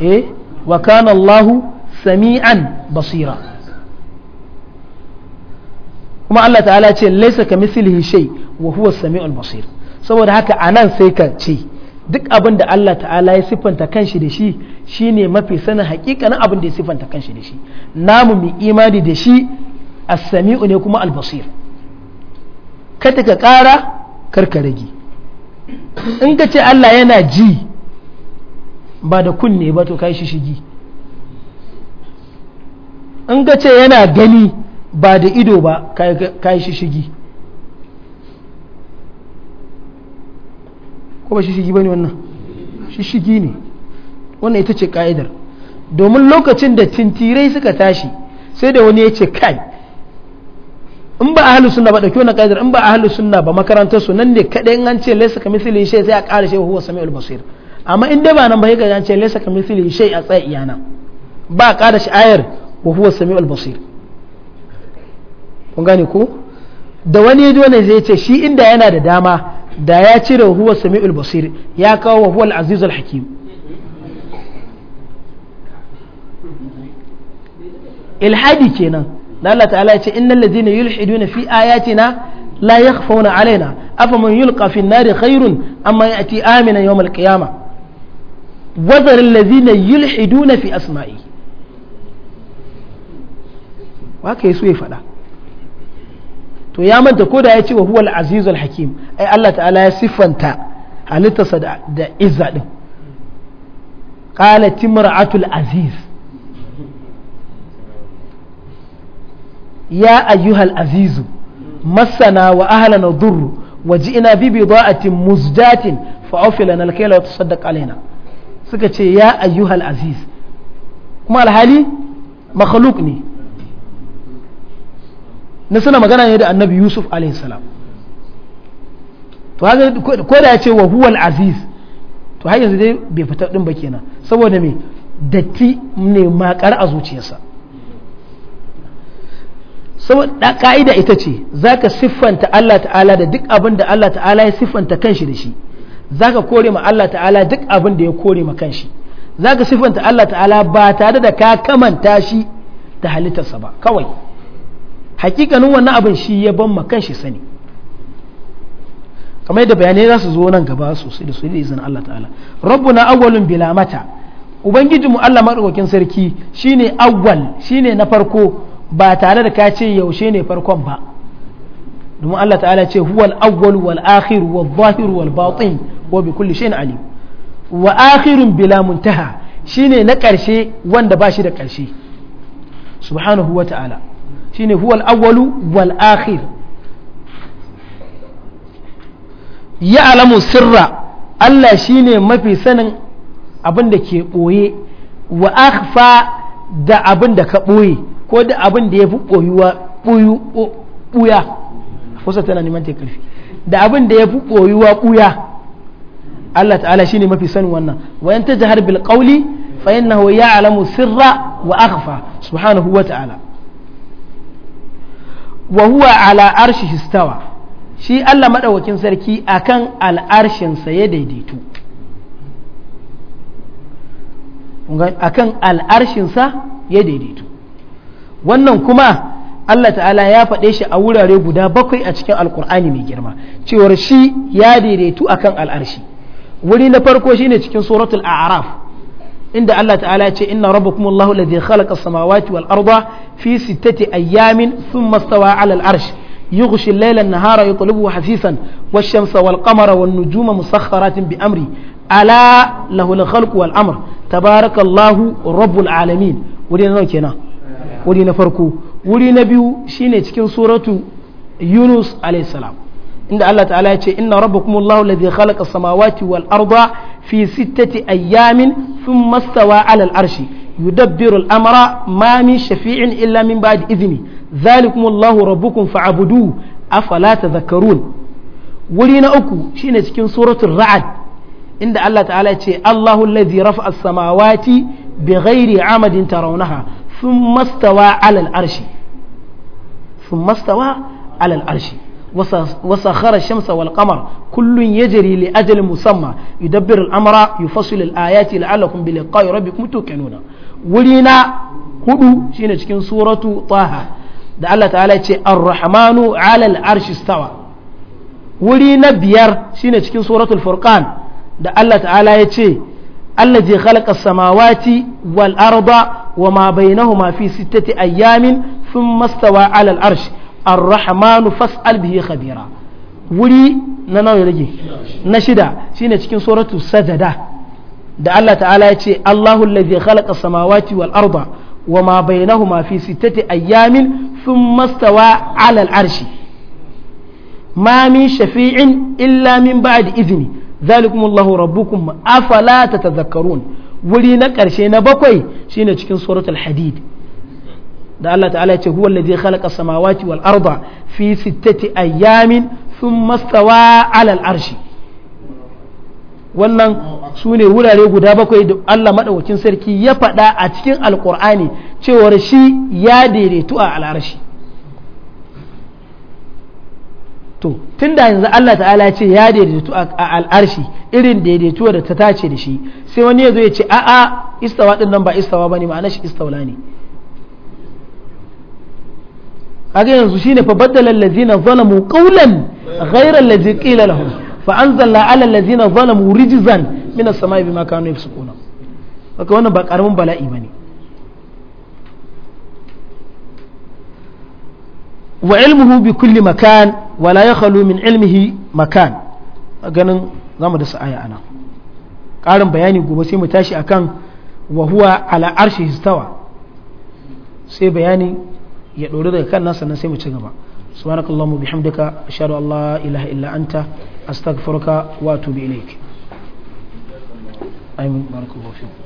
eh wa kana Allah sami'an basira kuma Allah ta'ala ya ce laysa kamithlihi shay wa huwa sami'ul basir saboda haka anan sai ka ce duk abin da Allah ta'ala ya siffanta kanshi da shi shine mafi sanin hakikanin abin da ya siffanta kanshi da shi namu mai imani da shi as-sami'u ne kuma al-basir kada ka kara karka rage in ka ce Allah yana ji ba da kunne ba to kai shi shigi in ka ce yana gani ba da ido ba kai shi shigi ko ba shishigi bane wannan shishigi ne wannan ita ce ka'idar domin lokacin da tintirai suka tashi sai da wani ya ce kai in ba ahlus suna ba dauki wannan ka'idar in ba ahlus suna ba makarantar su nan ne kadai an ce laysa kamithlihi shay sai a kare shi huwa samiul basir amma in dai ba nan ba sai ga an ce laysa kamithlihi shay a tsaya iyana ba a kare shi ayar wa huwa samiul basir kun gane ko da wani ya ji ne zai ce shi inda yana da dama da ya cire huwa sami'ul basir ya kawo wa huwa azizul hakim ilhadi kenan da Allah ta'ala ya ce innal ladina yulhiduna fi ayatina la yakhfawna alaina afa man yulqa fi an-nari khairun amma ya'ti amina yawm al-qiyamah wazar alladhina yulhiduna fi asma'i wa kai su ya fada to ya manta ko da ya ce wa huwal azizul hakim ai Allah ta'ala ya siffanta halittarsa da izza din qala timra'atul aziz ya ayyuhal azizu masana wa ahlana durru wa ji'na bi bidaatin muzjatin fa afilana alkayla wa tasaddaq alaina suka ce ya ayyuhal aziz kuma alhali makhluq ne na suna magana ne da annabi yusuf alaihi salam to haka ko da ya ce wa huwal aziz to har yanzu dai bai fita din ba kenan saboda me datti ne makar a zuciyarsa saboda ka'ida ita ce za ka siffanta Allah ta'ala da duk abin da Allah ta'ala ya siffanta kanshi da shi za ka kore ma Allah ta'ala duk abin da ya kore ma kanshi ka siffanta Allah ta'ala ba tare da ka kamanta shi da halittarsa ba kawai hakikanin wannan abin shi ya ban ma kanshi sani kamar yadda bayanai za su zo nan gaba sosai da sosai da izinin Allah ta'ala rabbuna awwalun bila mata ubangijinmu Allah madaukakin sarki shine awwal shine na farko ba tare da ka ce yaushe ne farkon ba domin Allah ta'ala ce huwal awwal wal akhir wal zahir wal batin wa bi kulli shay'in alim wa akhirun bila muntaha shine na karshe wanda ba shi da karshe subhanahu wa ta'ala shine huwal awwalu wal akhir ya alamu sirra Allah shine mafi sanin abin da ke ɓoye wa akhfa da abin da ka ɓoye ko da abin da ya fi ɓuya kusa tana neman ta ƙarfi da abin da ya fi ɓoyuwa ɓuya Allah ta'ala shine mafi sanin wannan wa ta jihar bilkauli qawli fa innahu ya'lamu sirra wa akhfa subhanahu wa ta'ala wa huwa ala arshi histawa shi Allah maɗaukakin sarki akan al'arshinsa ya daidaitu akan al'arshinsa ya daidaitu wannan kuma Allah ta'ala ya faɗe shi a wurare guda bakwai a cikin alkur'ani mai girma cewar shi ya daidaitu akan al'arshi wuri na farko shine cikin suratul a'raf inda Allah ta'ala ce inna rabbakum Allahu alladhi khalaqa as-samawati wal arda fi sittati ayyamin thumma stawa 'ala al-arsh يغشي الليل النهار يطلبه حثيثا والشمس والقمر والنجوم مسخرات بأمري ألا له الخلق والأمر تبارك الله رب العالمين ولينا نوكينا ولينا فركو ولينا بيو شيني تكين سورة يونس عليه السلام إن الله تعالى إن ربكم الله الذي خلق السماوات والأرض fi sittati ayyamin sun mastawa alal arshi yudabbiru al'amara mami min shafi'in illa min ba izini zalikum Allahu rabbukum fa'abudu afala tadhakkarun wuri na uku shine cikin suratun ra'ad inda Allah ta'ala ya ce Allahu allazi rafa'a as-samawati bighairi 'amadin tarawnaha thumma stawa 'ala al-arshi arshi وسخر الشمس والقمر كل يجري لأجل مسمى يدبر الأمر يفصل الآيات لعلكم بلقاء ربكم توقنون ولينا هدو شينا تكين سورة طه دا الله تعالى الرحمن على العرش استوى ولينا بيار شينا تكين سورة الفرقان دا الله تعالى الذي خلق السماوات والأرض وما بينهما في ستة أيام ثم استوى على العرش ar-rahmanu fas'al bihi khabira wuri na na shida shine cikin suratu sajada da Allah ta'ala ya ce Allahu allazi khalaqa samawati wal arda wama bainahuma fi sittati ayyamin thumma stawa 'ala al-arshi mami min shafi'in illa min izini idni dhalikum Allahu rabbukum afala tatadhakkarun wuri na karshe na bakwai shine cikin suratul hadid da Allah ta'ala ce huwa alladhi khalaqa samawati wal arda fi sittati ayyamin thumma stawa 'ala al-arshi wannan su ne wurare guda bakwai da Allah madaukakin sarki ya faɗa a cikin alkur'ani cewar shi ya daidaitu a al'arshi to tun da yanzu Allah ta'ala ce ya daidaitu a al'arshi irin daidaituwa da ta tace da shi sai wani ya zo ya ce a'a istawa din nan ba istawa bane ma'ana shi istawla ne kaga yanzu shine fa baddala allazina zalamu qawlan ghayra allazi qila lahum fa anzalna ala allazina zalamu rijzan min as-sama'i bima kanu yafsukuna kaga wannan ba karamin bala'i bane wa ilmuhu bi kulli makan wa la yakhlu min ilmihi makan ganin zamu da sa'aya ana karin bayani gobe sai mu tashi akan wa huwa ala arshi istawa sai bayani ya ɗori daga kan nasa nan sai mu ci gaba subhanakallahumma bihamdika ashhadu an la ilaha illa anta astaghfiruka wa atubu ilaik amin barakallahu fikum